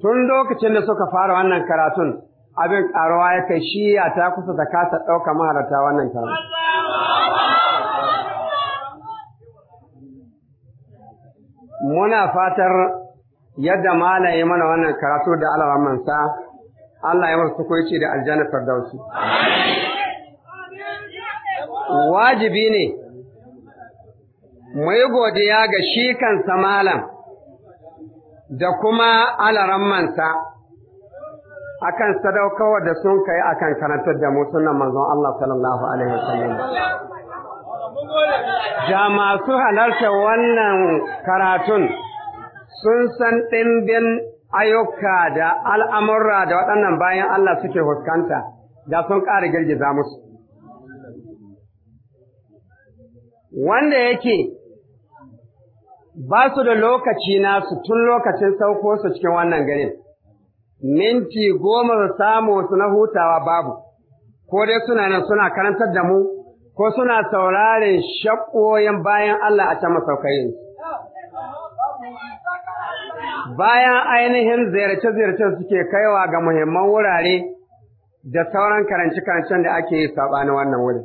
tun lokacin da suka fara wannan karatun, abin ƙaruwa ya kai shiya ta kusa ta kasa ɗauka maharata wannan karatun. muna fatar yadda mala ya mana wannan karatu da alamansa Allah ya masa koyi da aljanna firdausi wajibi ne mu yi godiya ga shi kansa malam da kuma alarammansa akan sadaukawa da sun kai akan karantar da mu sunan manzon Allah sallallahu alaihi wasallam da masu halarta wannan karatun sun san ɗimbin ayyuka da al'amurra da waɗannan bayan Allah suke huskanta da sun ƙara girgiza musu. Wanda yake ba su da lokaci nasu tun lokacin sauko su cikin wannan garin, minti goma su samu su na hutawa babu, ko dai suna nan suna karantar da mu ko suna saurare shaƙoyin bayan Allah a ta masaukayin. Bayan ainihin ziyarce-ziyarce suke kaiwa ga muhimman wurare da sauran karance-karancen da ake yi saɓani wannan wurin.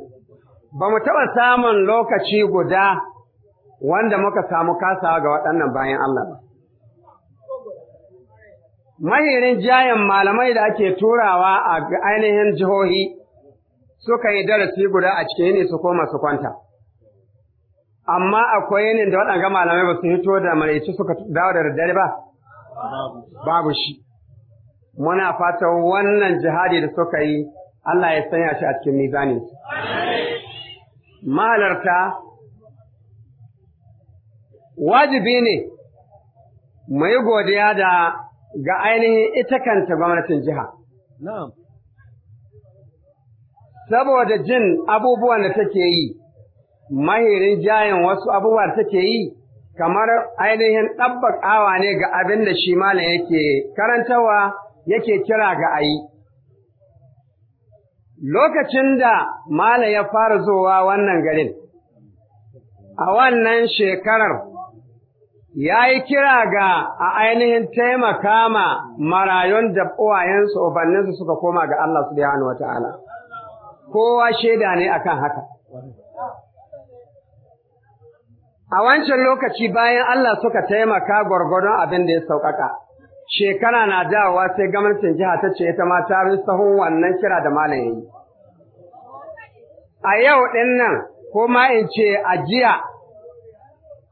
Ba mu taɓa samun lokaci guda wanda muka samu kasawa ga waɗannan bayan Allah ba. Mahirin jayan malamai da ake turawa a ainihin jihohi. suka yi darasi guda a cikin yini su koma su kwanta. Amma akwai yinin da waɗanga malamai ba su hito da maraici suka dawo da daddare ba? Babu shi. Muna fata wannan jihadi da suka yi Allah ya sanya shi a cikin mizanin. Mahalarta wajibi ne mu godiya da ga ainihin ita kanta gwamnatin jiha. saboda jin abubuwan da take yi, mahirin jayin wasu abubuwan da take yi, kamar ainihin ɗabbaƙawa ne ga abin da shi malam yake karantawa yake kira ga ayi. Lokacin da malam ya fara zowa wannan garin, a wannan shekarar ya yi kira ga a ainihin taimaka ma marayun da uwayensu, obanninsu suka koma ga Allah subhanahu wa ta'ala. kowa shaida ne akan haka. A wancan lokaci bayan Allah suka taimaka gwargwadon abin da ya sauƙaƙa, shekara na dawowa sai gwamnatin jiha ta ce ta ma ta bi sahun wannan kira da malam A yau ɗin nan, ko ma in ce a jiya,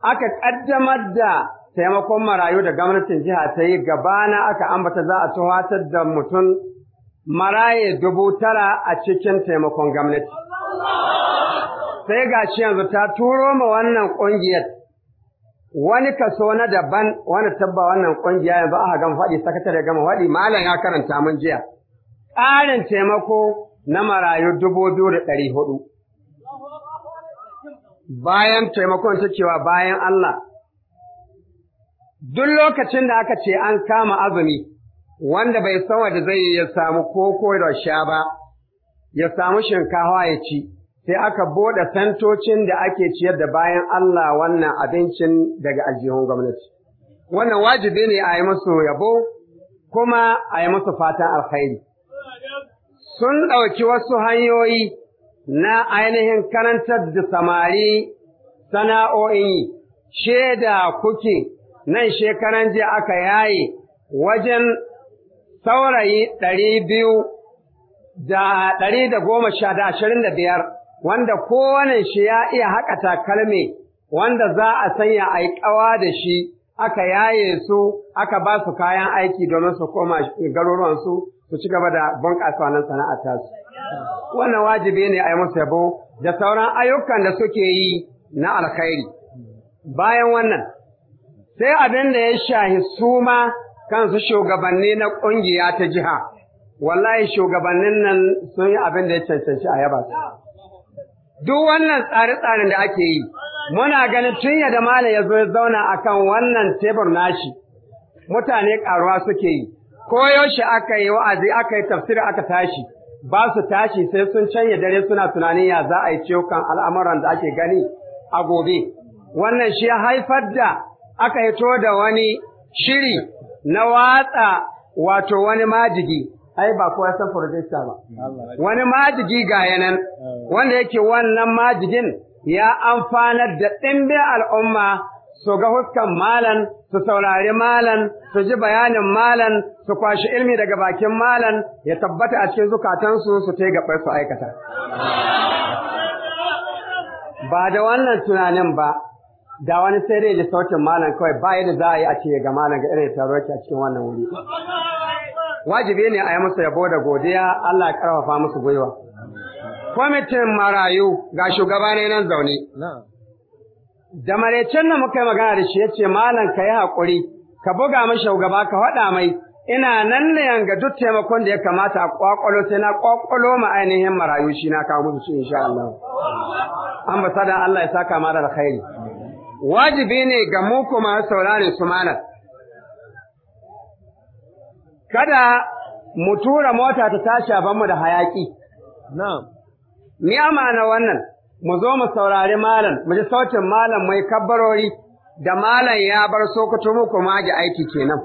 aka ƙaddamar da taimakon marayu da gwamnatin jiha ta yi gabana aka ambata za a tuhatar da mutum maraye dubu tara a cikin taimakon gwamnati. Sai ga shi yanzu ta turo ma wannan ƙungiyar wani kaso na daban wani tabba wannan ƙungiya yanzu aka gama faɗi sakatare gama faɗi malam ya karanta mun jiya. Ƙarin taimako na marayu dubu biyu da ɗari hudu. Bayan taimakon ta cewa bayan Allah, duk lokacin da aka ce an kama azumi, wanda bai san wanda zai ya samu koko da sha ba, ya samu shinkawa ya ci, sai aka buɗe santocin da ake ciyar da bayan Allah wannan abincin daga ajihun gwamnati. Wannan wajibi ne a yi musu yabo, kuma a yi musu fatan alkhairi. Sun ɗauki wasu hanyoyi na ainihin karantar da samari sana'o'i yi, shaida kuke nan shekaran jiya aka yaye wajen saurayi ɗari biyu da ɗari da goma sha da ashirin da biyar wanda kowane shi ya iya haƙa takalmi wanda za a sanya a yi ƙawa da shi aka yaye su aka ba su kayan aiki domin su koma garuruwansu su ci gaba da bunƙasa wannan sana'a su, Wannan wajibi ne a yi musu yabo da sauran ayyukan da suke yi na alkhairi. Bayan wannan, sai abin da ya shahi suma kansu shugabanni na ƙungiya ta jiha, wallahi shugabannin nan sun yi abin da ya cancanci a yaba. Duk wannan tsare-tsaren da ake yi, muna ganin tun yadda malam ya zo ya zauna kan wannan tebur nashi, mutane ƙaruwa suke yi, ko yaushe aka yi wa'azi aka yi tafsiri aka tashi, ba su tashi sai sun canya dare suna tunanin ya za a yi kan al'amuran da ake gani a gobe. Wannan shi haifar da aka hito da wani shiri na watsa wato wani majigi ai ba kowa san projecta ba wani majigi ga yanan wanda yake wannan majigin ya amfanar da ɗimbin al'umma su ga huskan malan, su saurari malan, su ji bayanin malan, su kwashi ilmi daga bakin malan ya tabbata a cikin zukatansu su ta gaɓar su aikata. Ba da wannan tunanin ba, da wani sai dai da sautin malam kawai ba yadda za a yi a ce ga malam ga irin taro a cikin wannan wuri wajibi ne a yi musu yabo da godiya Allah ya karfafa musu gwiwa kwamitin marayu ga shugaba ne nan zaune da marecen nan muka yi magana da shi ya ce malam ka yi haƙuri ka buga mai shugaba ka haɗa mai ina nan ne ga duk taimakon da ya kamata a kwakwalo sai na kwakwalo ma ainihin marayu shi na kawo musu shi insha Allah ambasada Allah ya saka mara da khairi. wajibi ne ga mu kuma saurare su malam. Kada mu tura mota ta tashi a mu da hayaƙi. Na'am. Ni amana wannan, mu zo mu saurari malam, mu ji sautin malam mai kabbarori da malam ya bar sokoto mu kuma ji aiki kenan.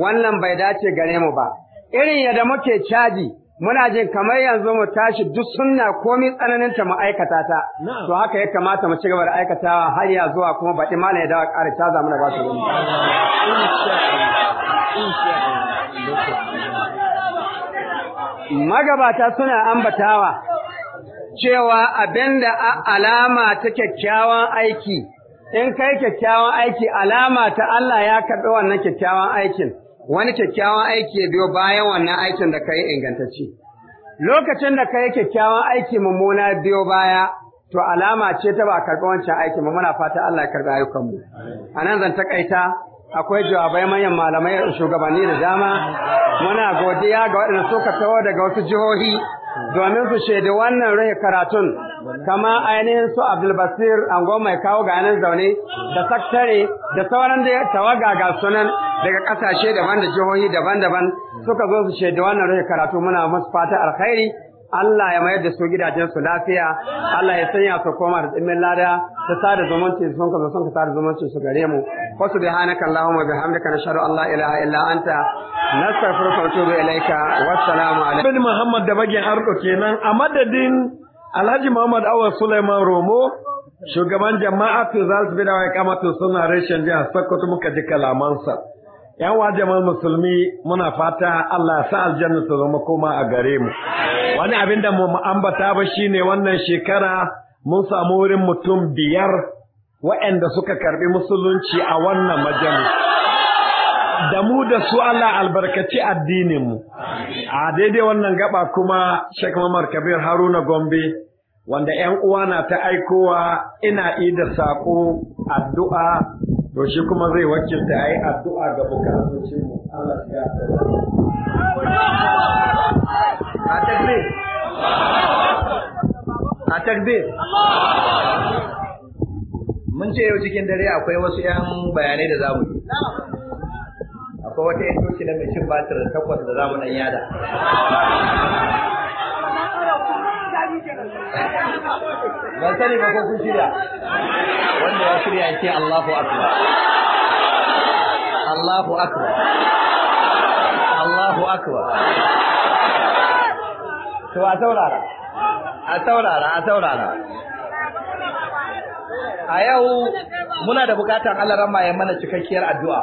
Wannan bai dace gare mu ba. Irin yadda muke caji, muna jin kamar yanzu mu tashi duk sunna komai tsananin ta mu aikata ta to haka ya kamata mu ci gaba da aikatawa har ya zuwa kuma baki mana ya dawo ƙara caza mana ba su gudu magabata suna ambatawa cewa abinda alama ta kyakkyawan aiki in kai kyakkyawan aiki alama ta Allah ya karɓi wannan kyakkyawan aikin wani kyakkyawan aiki ya biyo bayan wannan aikin da ka yi ingantacce. Lokacin da ka yi kyakkyawan aiki mummuna biyo baya, to alama ce ta ba a karɓi wancan aikin mu muna fata Allah ya karɓi ayyukanmu. A nan zan takaita akwai jawabai manyan malamai shugabanni da dama muna godiya ga waɗanda suka taho daga wasu jihohi domin su shaidi wannan rahe karatun kama ainihin su Abdulbasir Ango mai kawo ga nan zaune da saktare da sauran da tawaga ga sunan daga kasashe daban da jihohi daban-daban suka zo su shaidu wannan rage karatu muna musu fata alkhairi Allah ya mayar da su gidajensu lafiya Allah ya sanya su koma da tsimin lada ta sada zumunci sun ka sun ka sada zumunci su gare mu wa subhanaka allahumma bihamdika nashhadu an la ilaha illa anta nastaghfiruka wa natubu ilaika assalamu alaikum bin muhammad da bagin arko kenan a madadin Alhaji Muhammad Awal Suleiman Romo, shugaban jama'a Tuzal Bida ya kamata suna reshen jihar Sokoto muka ji kalamansa. Yan wa musulmi muna fata Allah ya sa aljanna su zama koma a gare mu. Wani abin da mu ambata ba ne wannan shekara mun samu wurin mutum biyar waɗanda suka karbi musulunci a wannan majalis. da mu da su Allah albarkaci addininmu. A daidai wannan gaba kuma Sheikh Muhammad Kabir Haruna Gombe, wanda ‘yan uwa na ta aikowa ina ida saƙo addu'a, to shi kuma zai wakilta a yi addu'a ga bukatocinmu. Allah ya A takbir. A takbir. Mun ce yau cikin dare akwai wasu ‘yan bayanai da zamu yi. akwai wata yan coci na mai cin batir takwas da zamu dan yada ban sani ba ko kun shirya wanda ya shirya ya ce Allahu akbar Allahu akbar Allahu akbar to a saurara a saurara a saurara a yau muna da bukatar Allah ya mana cikakkiyar addu'a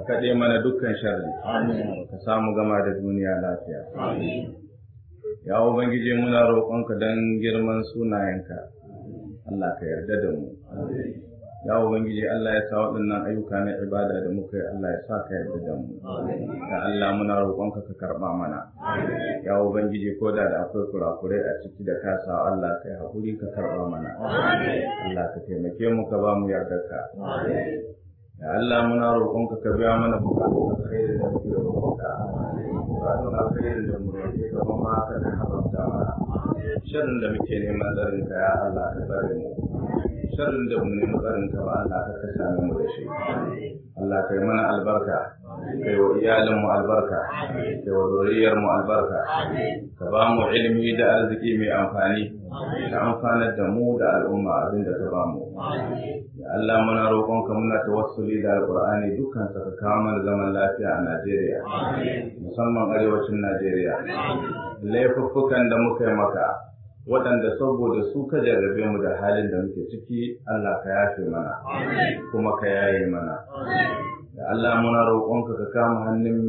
ka kaɗe mana dukkan sharri ka samu gama da duniya lafiya ya ubangiji muna roƙonka don girman sunayenka Allah ka yarda da mu ya ubangiji Allah ya sa waɗannan ayyuka na ibada da muka yi Allah ya sa ka yarda da mu ya Allah muna roƙonka ka karɓa mana ya ubangiji ko da da akwai kurakurai a ciki da ka sa Allah ka yi haƙuri ka karɓa mana Allah ka taimake mu ka ba mu yardarka ya Allah muna roƙonka ka biya mana bukatun alkhairi da muke roƙonka bukatun alkhairi da mu roƙe ka ba ma ka da haramta mana sharrin da muke neman tsarin ka ya Allah ka tsare mu sharrin da mu neman tsarin ka ba Allah ka kashe mu da shi Allah kai mana albarka kaiwa wa iyalinmu albarka kai wa zuriyarmu albarka ka ba mu ilimi da arziki mai amfani ka amfanar da mu da al'umma abin da ka ba mu ya Allah muna roƙonka muna tawassuli da alƙur'ani dukkan sa ka zaman lafiya a Najeriya musamman arewacin Najeriya laifuffukan da muka yi maka waɗanda saboda su ka jarrabe mu da halin da muke ciki Allah ka yafe mana kuma ka yaye mana da Allah muna roƙonka ka kama hannun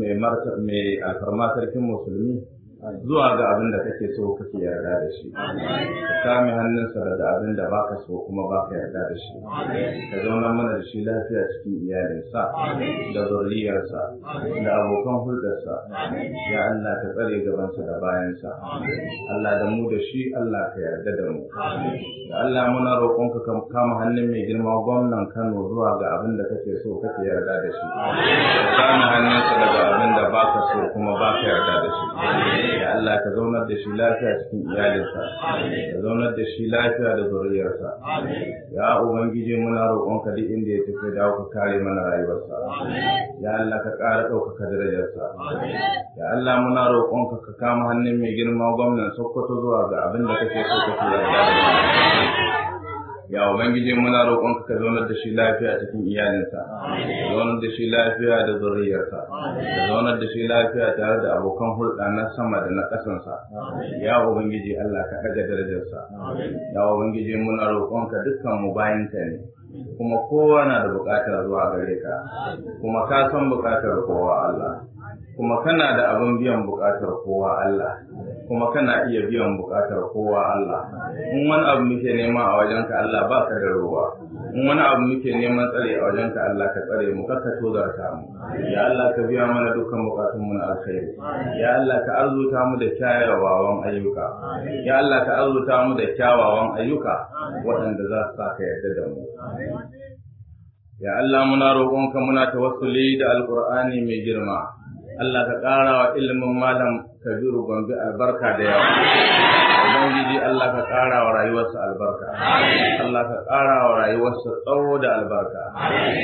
mai alfarma sarkin musulmi zuwa ga abin da kake so kake yarda da shi ka kame hannunsa daga abin da baka so kuma baka yarda da shi ka zauna mana da shi lafiya cikin iyalinsa da zurriyarsa da abokan hulɗarsa ya Allah ka tsare gabansa da bayansa Allah da mu da shi Allah ka yarda da mu da Allah muna roƙonka ka kama hannun mai girma gwamnan Kano zuwa ga abin da kake so kake yarda da shi ka kame hannunsa daga abin da baka so kuma baka yarda da shi ya Allah ka zaunar da shi lafiya cikin iyalinsa ka zaunar da shi lafiya da zuriyarsa ya ubangiji muna roƙonka duk inda ya tafi dawo ka kare mana rayuwarsa ya Allah ka ƙara ɗaukaka darajarsa ya Allah muna roƙonka ka kama hannun mai girma gwamnan Sokoto zuwa ga abin da kake so kake yarda da ya ubangiji muna roƙon ka zaunar da shi lafiya cikin iyalinsa zaunar da shi lafiya da zuriyarsa zaunar da shi lafiya tare da abokan hulɗa na sama da na ƙasansa ya ubangiji Allah ka ɗaga darajarsa ya ubangiji muna roƙon ka dukkan mu ta ne kuma kowa na da buƙatar zuwa gare ka kuma ka san buƙatar kowa Allah kuma kana da abin biyan buƙatar kowa Allah kuma kana iya biyan bukatar kowa Allah in wani abu muke nema a wajenka Allah ba ka da ruwa in wani abu muke neman tsare a wajenka Allah ka tsare mu kar ka tozarta mu ya Allah ka biya mana dukkan bukatun mu na alkhairi ya Allah ka arzuta mu da kyawawan ayyuka ya Allah ka arzuta mu da kyawawan ayyuka waɗanda za su saka yarda da mu ya Allah muna roƙonka muna tawassuli da alqur'ani mai girma Allah ka ƙara wa ilimin malam kabiru gombe albarka da yawa ubangiji Allah ka ƙara wa rayuwarsa albarka Allah ka ƙara wa rayuwarsa tsawo da albarka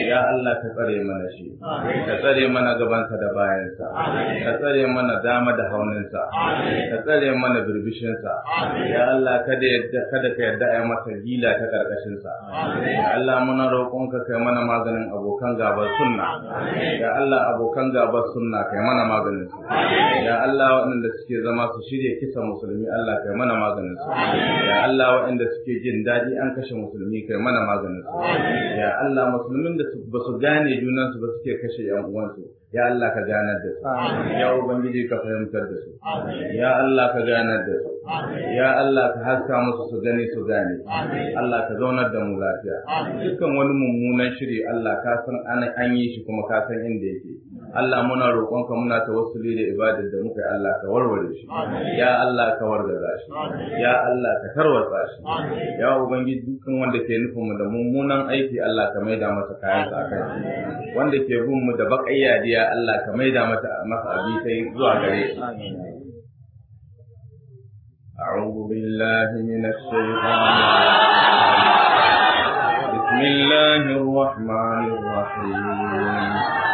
ya Allah ka tsare mana shi ka tsare mana gabansa da bayansa ka tsare mana dama da hauninsa ka tsare mana birbishinsa ya Allah kada yadda kada ka yadda a masa gila ta karkashinsa ya Allah muna roƙonka kai mana maganin abokan gabar sunna ya Allah abokan gabar sunna kai mana maganin su ya Allah waɗanda suke zama su shirya kisa musulmi Allah kai mana maganin su ya Allah waɗanda suke jin daɗi an kashe musulmi kai mana maganin su ya Allah musulmin da ba su gane junan su ba suke kashe yan uwansu ya Allah ka ganar da su ya ubangiji ka fahimtar da su ya Allah ka ganar da su ya Allah ka haska musu su gane su gane Allah ka zaunar da mu lafiya dukkan wani mummunan shiri Allah ka san an yi shi kuma ka san inda yake Allah muna roƙonka muna tawassuli da ibadar da muka yi Allah ka warware shi ya Allah ka wargaza shi ya Allah ka tarwatsa shi ya ubangiji dukkan wanda ke nufin mu da mummunan aiki Allah ka maida masa kayan sa akan shi wanda ke bin mu da baƙar yadiya Allah ka maida mata masa abi sai zuwa gare shi أعوذ بالله من الشيطان بسم الله الرحمن الرحيم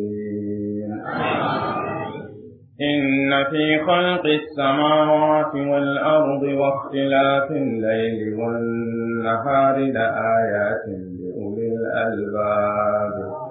إن في خلق السماوات والأرض واختلاف الليل والنهار لآيات لأولي الألباب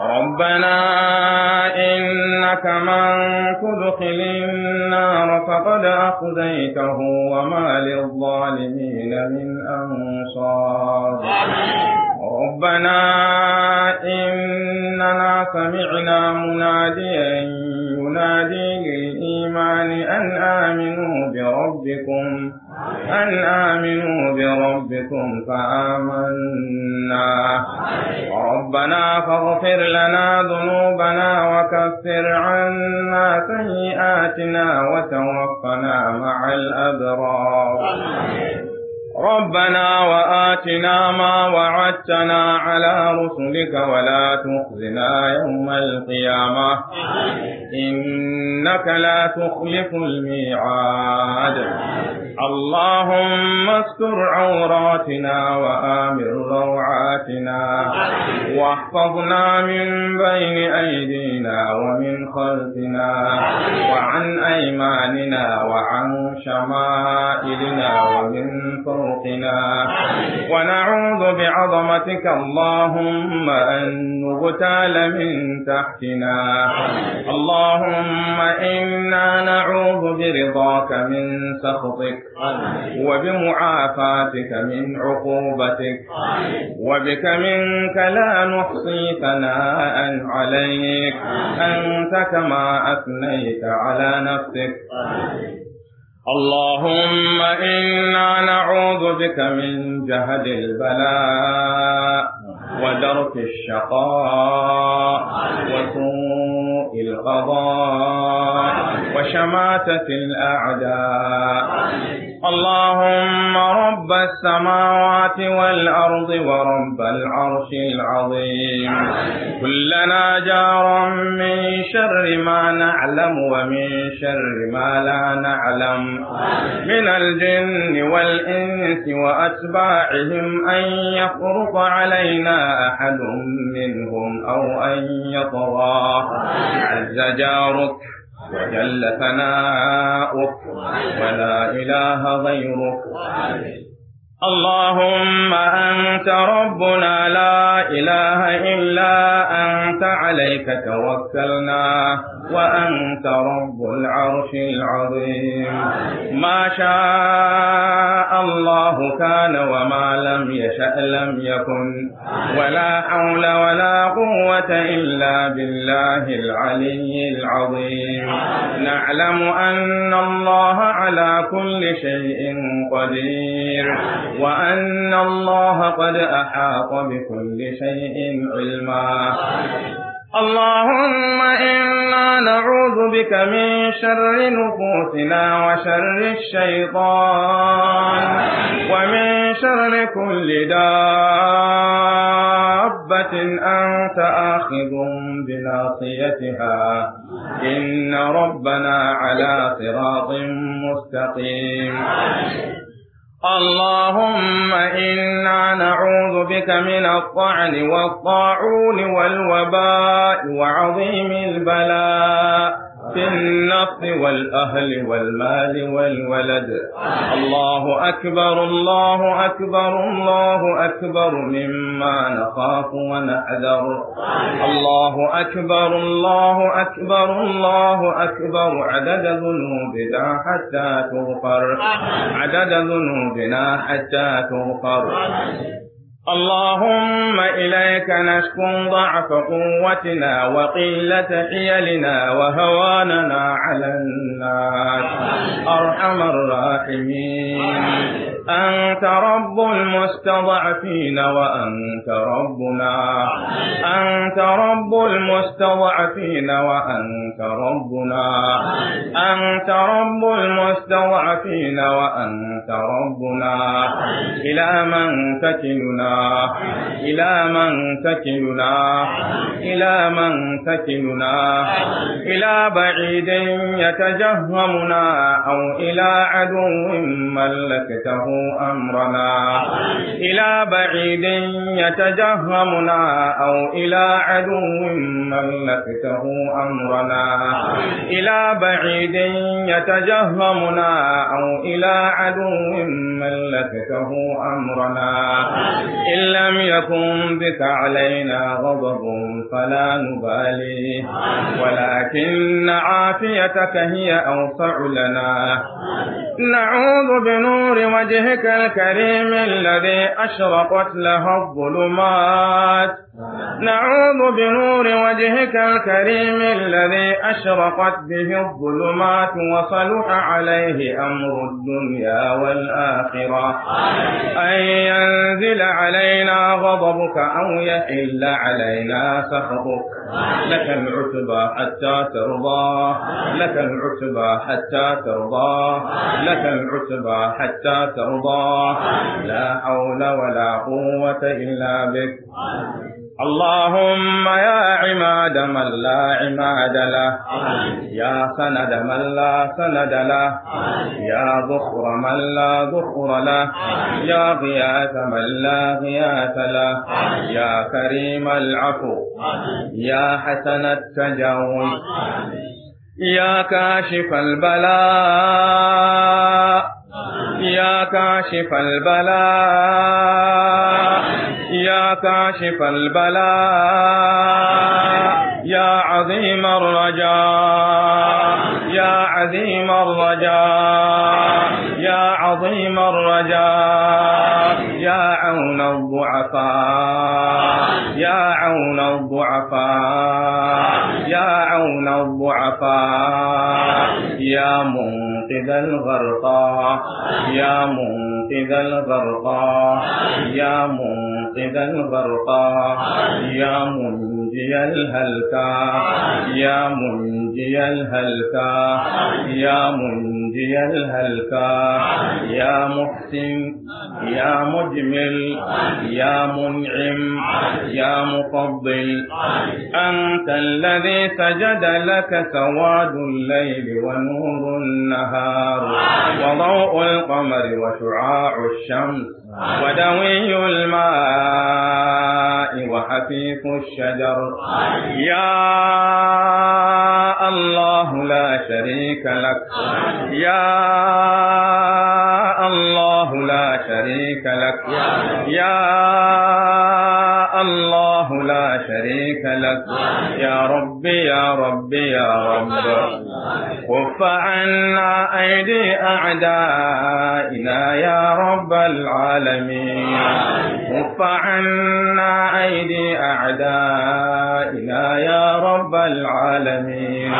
ربنا إنك من تدخل النار فقد أخزيته وما للظالمين من أنصار ربنا إننا سمعنا مناديا ينادي للإيمان أن آمنوا بربكم أن آمنوا بربكم فآمنا ربنا فاغفر لنا ذنوبنا وكفر عنا سيئاتنا وتوفنا مع الأبرار ربنا وآتنا ما وعدتنا على رسلك ولا تخزنا يوم القيامة إنك لا تخلف الميعاد اللهم استر عوراتنا وآمر روعاتنا واحفظنا من بين أيدينا ومن خلفنا وعن أيماننا وعن شمائلنا ومن فوقنا ونعوذ بعظمتك اللهم أن نغتال من تحتنا الله اللهم إنا نعوذ برضاك من سخطك وبمعافاتك من عقوبتك وبك منك لا نحصي ثناء عليك أنت كما أثنيت على نفسك اللهم إنا نعوذ بك من جهد البلاء ودرك الشقاء وسوء القضاء وشماتة الأعداء اللهم رب السماوات والأرض ورب العرش العظيم كلنا جارا من شر ما نعلم ومن شر ما لا نعلم من الجن والإنس وأتباعهم أن يفرط علينا أحد منهم أو أن يطغى عز جارك وجل ثناؤك ولا إله غيرك اللهم أنت ربنا لا إله إلا أنت عليك توكلنا وأنت رب العرش العظيم ما شاء شاء كان وما لم يشأ لم يكن ولا حول ولا قوة إلا بالله العلي العظيم نعلم أن الله على كل شيء قدير وأن الله قد أحاط بكل شيء علما اللهم إنا نعوذ بك من شر نفوسنا وشر الشيطان ومن شر كل دابة أنت آخذ بناصيتها إن ربنا على صراط مستقيم اللهم إنا نعوذ بك من الطعن والطاعون والوباء وعظيم البلاء في النفس والأهل والمال والولد الله أكبر الله أكبر الله أكبر مما نخاف ونحذر الله أكبر الله أكبر الله أكبر عدد ذنوبنا حتى تغفر عدد ذنوبنا حتى تغفر اللهم إليك نشكو ضعف قوتنا وقلة حيلنا وهواننا على الناس أرحم الراحمين أنت رب المستضعفين وأنت ربنا أنت رب المستضعفين وأنت ربنا أنت رب المستضعفين وأنت ربنا إلى من تكلنا إلى من تكلنا إلى من تكلنا إلى بعيد يتجهمنا أو إلى عدو ملكته أمرنا إلى بعيد يتجهمنا أو إلى عدو ملكته أمرنا إلى بعيد يتجهمنا أو إلى عدو ملكته أمرنا إن لم يكن بك علينا غضب فلا نبالي ولكن عافيتك هي أوسع لنا نعوذ بنور وجه وجهك الكريم الذي أشرقت له الظلمات نعوذ بنور وجهك الكريم الذي أشرقت به الظلمات وصلح عليه أمر الدنيا والآخرة أن ينزل علينا غضبك أو يحل علينا سخطك لك العتبى حتى ترضى لك العتبى حتى ترضى لك العتبى حتى ترضى لا حول ولا قوة إلا بك اللهم يا عماد من لا عماد له يا سند من لا سند له يا ذخر من لا ذخر له يا غياث من لا غياث له يا كريم العفو يا حسن التجاوز يا كاشف البلاء يا كاشف البلاء يا كاشف البلاء يا عظيم الرجاء يا عظيم الرجاء يا عظيم الرجاء يا عون الضعفاء يا عون الضعفاء فرعون الضعفاء يا منقذ الغرقى يا منقذ الغرقى يا منقذ الغرقى يا منقذ منجي الهلكا يا منجي الهلكا يا منجي الهلكا يا محسن يا مجمل يا منعم يا مفضل أنت الذي سجد لك سواد الليل ونور النهار وضوء القمر وشعاع الشمس ودوي الماء وحفيف الشجر يا الله لا شريك لك يا الله لا شريك لك يا الله لا شريك لك يا ربي يا ربي يا رب كف عنا أيدي أعدائنا يا رب العالمين العالمين كف عنا أيدي أعدائنا يا رب العالمين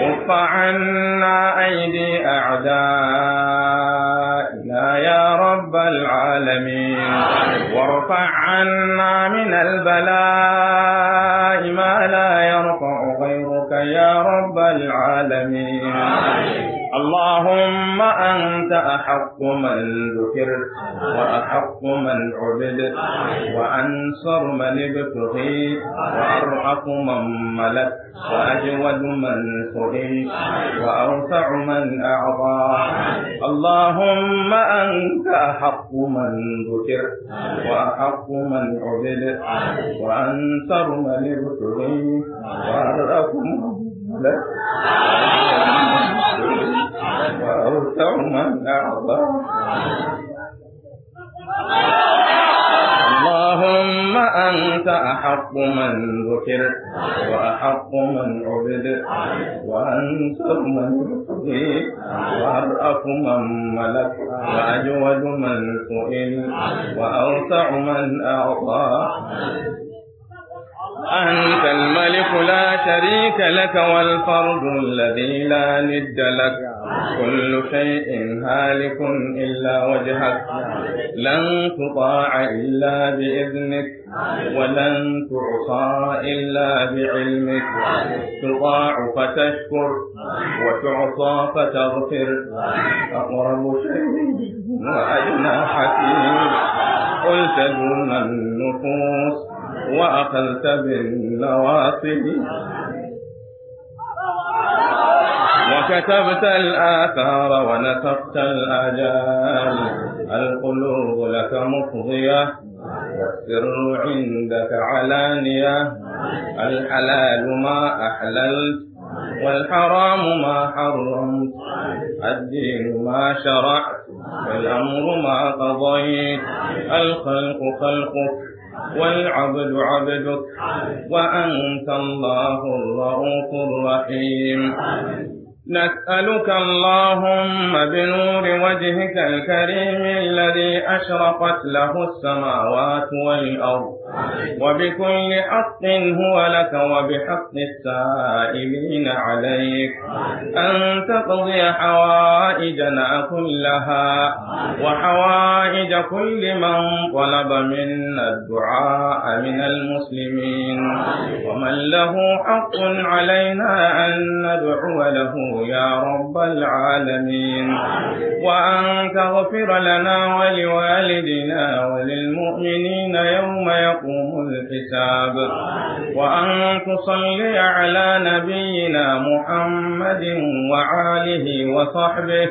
كف عنا أيدي أعدائنا يا رب العالمين وارفع عنا من البلاء ما لا يرفع غيرك يا رب العالمين اللهم أنت أحق من ذكر وأحق من عبد وأنصر من ابتغي وأرحق من ملك وأجود من سئل وأرفع من أعطى اللهم أنت أحق من ذكر وأحق من عبد وأنصر من ابتغي وأرحق من لا من اللهم أنت أحق من ذكر وأحق من عبد وأنصر من يقضي وأرأف من ملك وأجود من سئل وأوسع من أعطى أنت الملك لا شريك لك والفرد الذي لا ند لك كل شيء هالك إلا وجهك لن تطاع إلا بإذنك ولن تعصى إلا بعلمك تطاع فتشكر وتعصى فتغفر أقرب شيء وأجنى حكيم قلت دون النفوس وأخذت بالنواصي وكتبت الآثار ونسقت الآجال القلوب لك مفضية والسر عندك علانية الحلال ما أحللت والحرام ما حرمت الدين ما شرعت والأمر ما قضيت الخلق خلقك والعبد عبدك وأنت الله الرؤوف الرحيم نسألك اللهم بنور وجهك الكريم الذي أشرقت له السماوات والأرض وبكل حق هو لك وبحق السائلين عليك أن تقضي حوائجنا كلها وحوائج كل من طلب منا الدعاء من المسلمين ومن له حق علينا أن ندعو له يا رب العالمين وأن تغفر لنا ولوالدنا وللمؤمنين يوم يقوم عليكم الحساب وأن تصلي على نبينا محمد وعاله وصحبه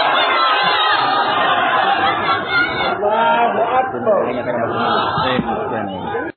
Allahu akbar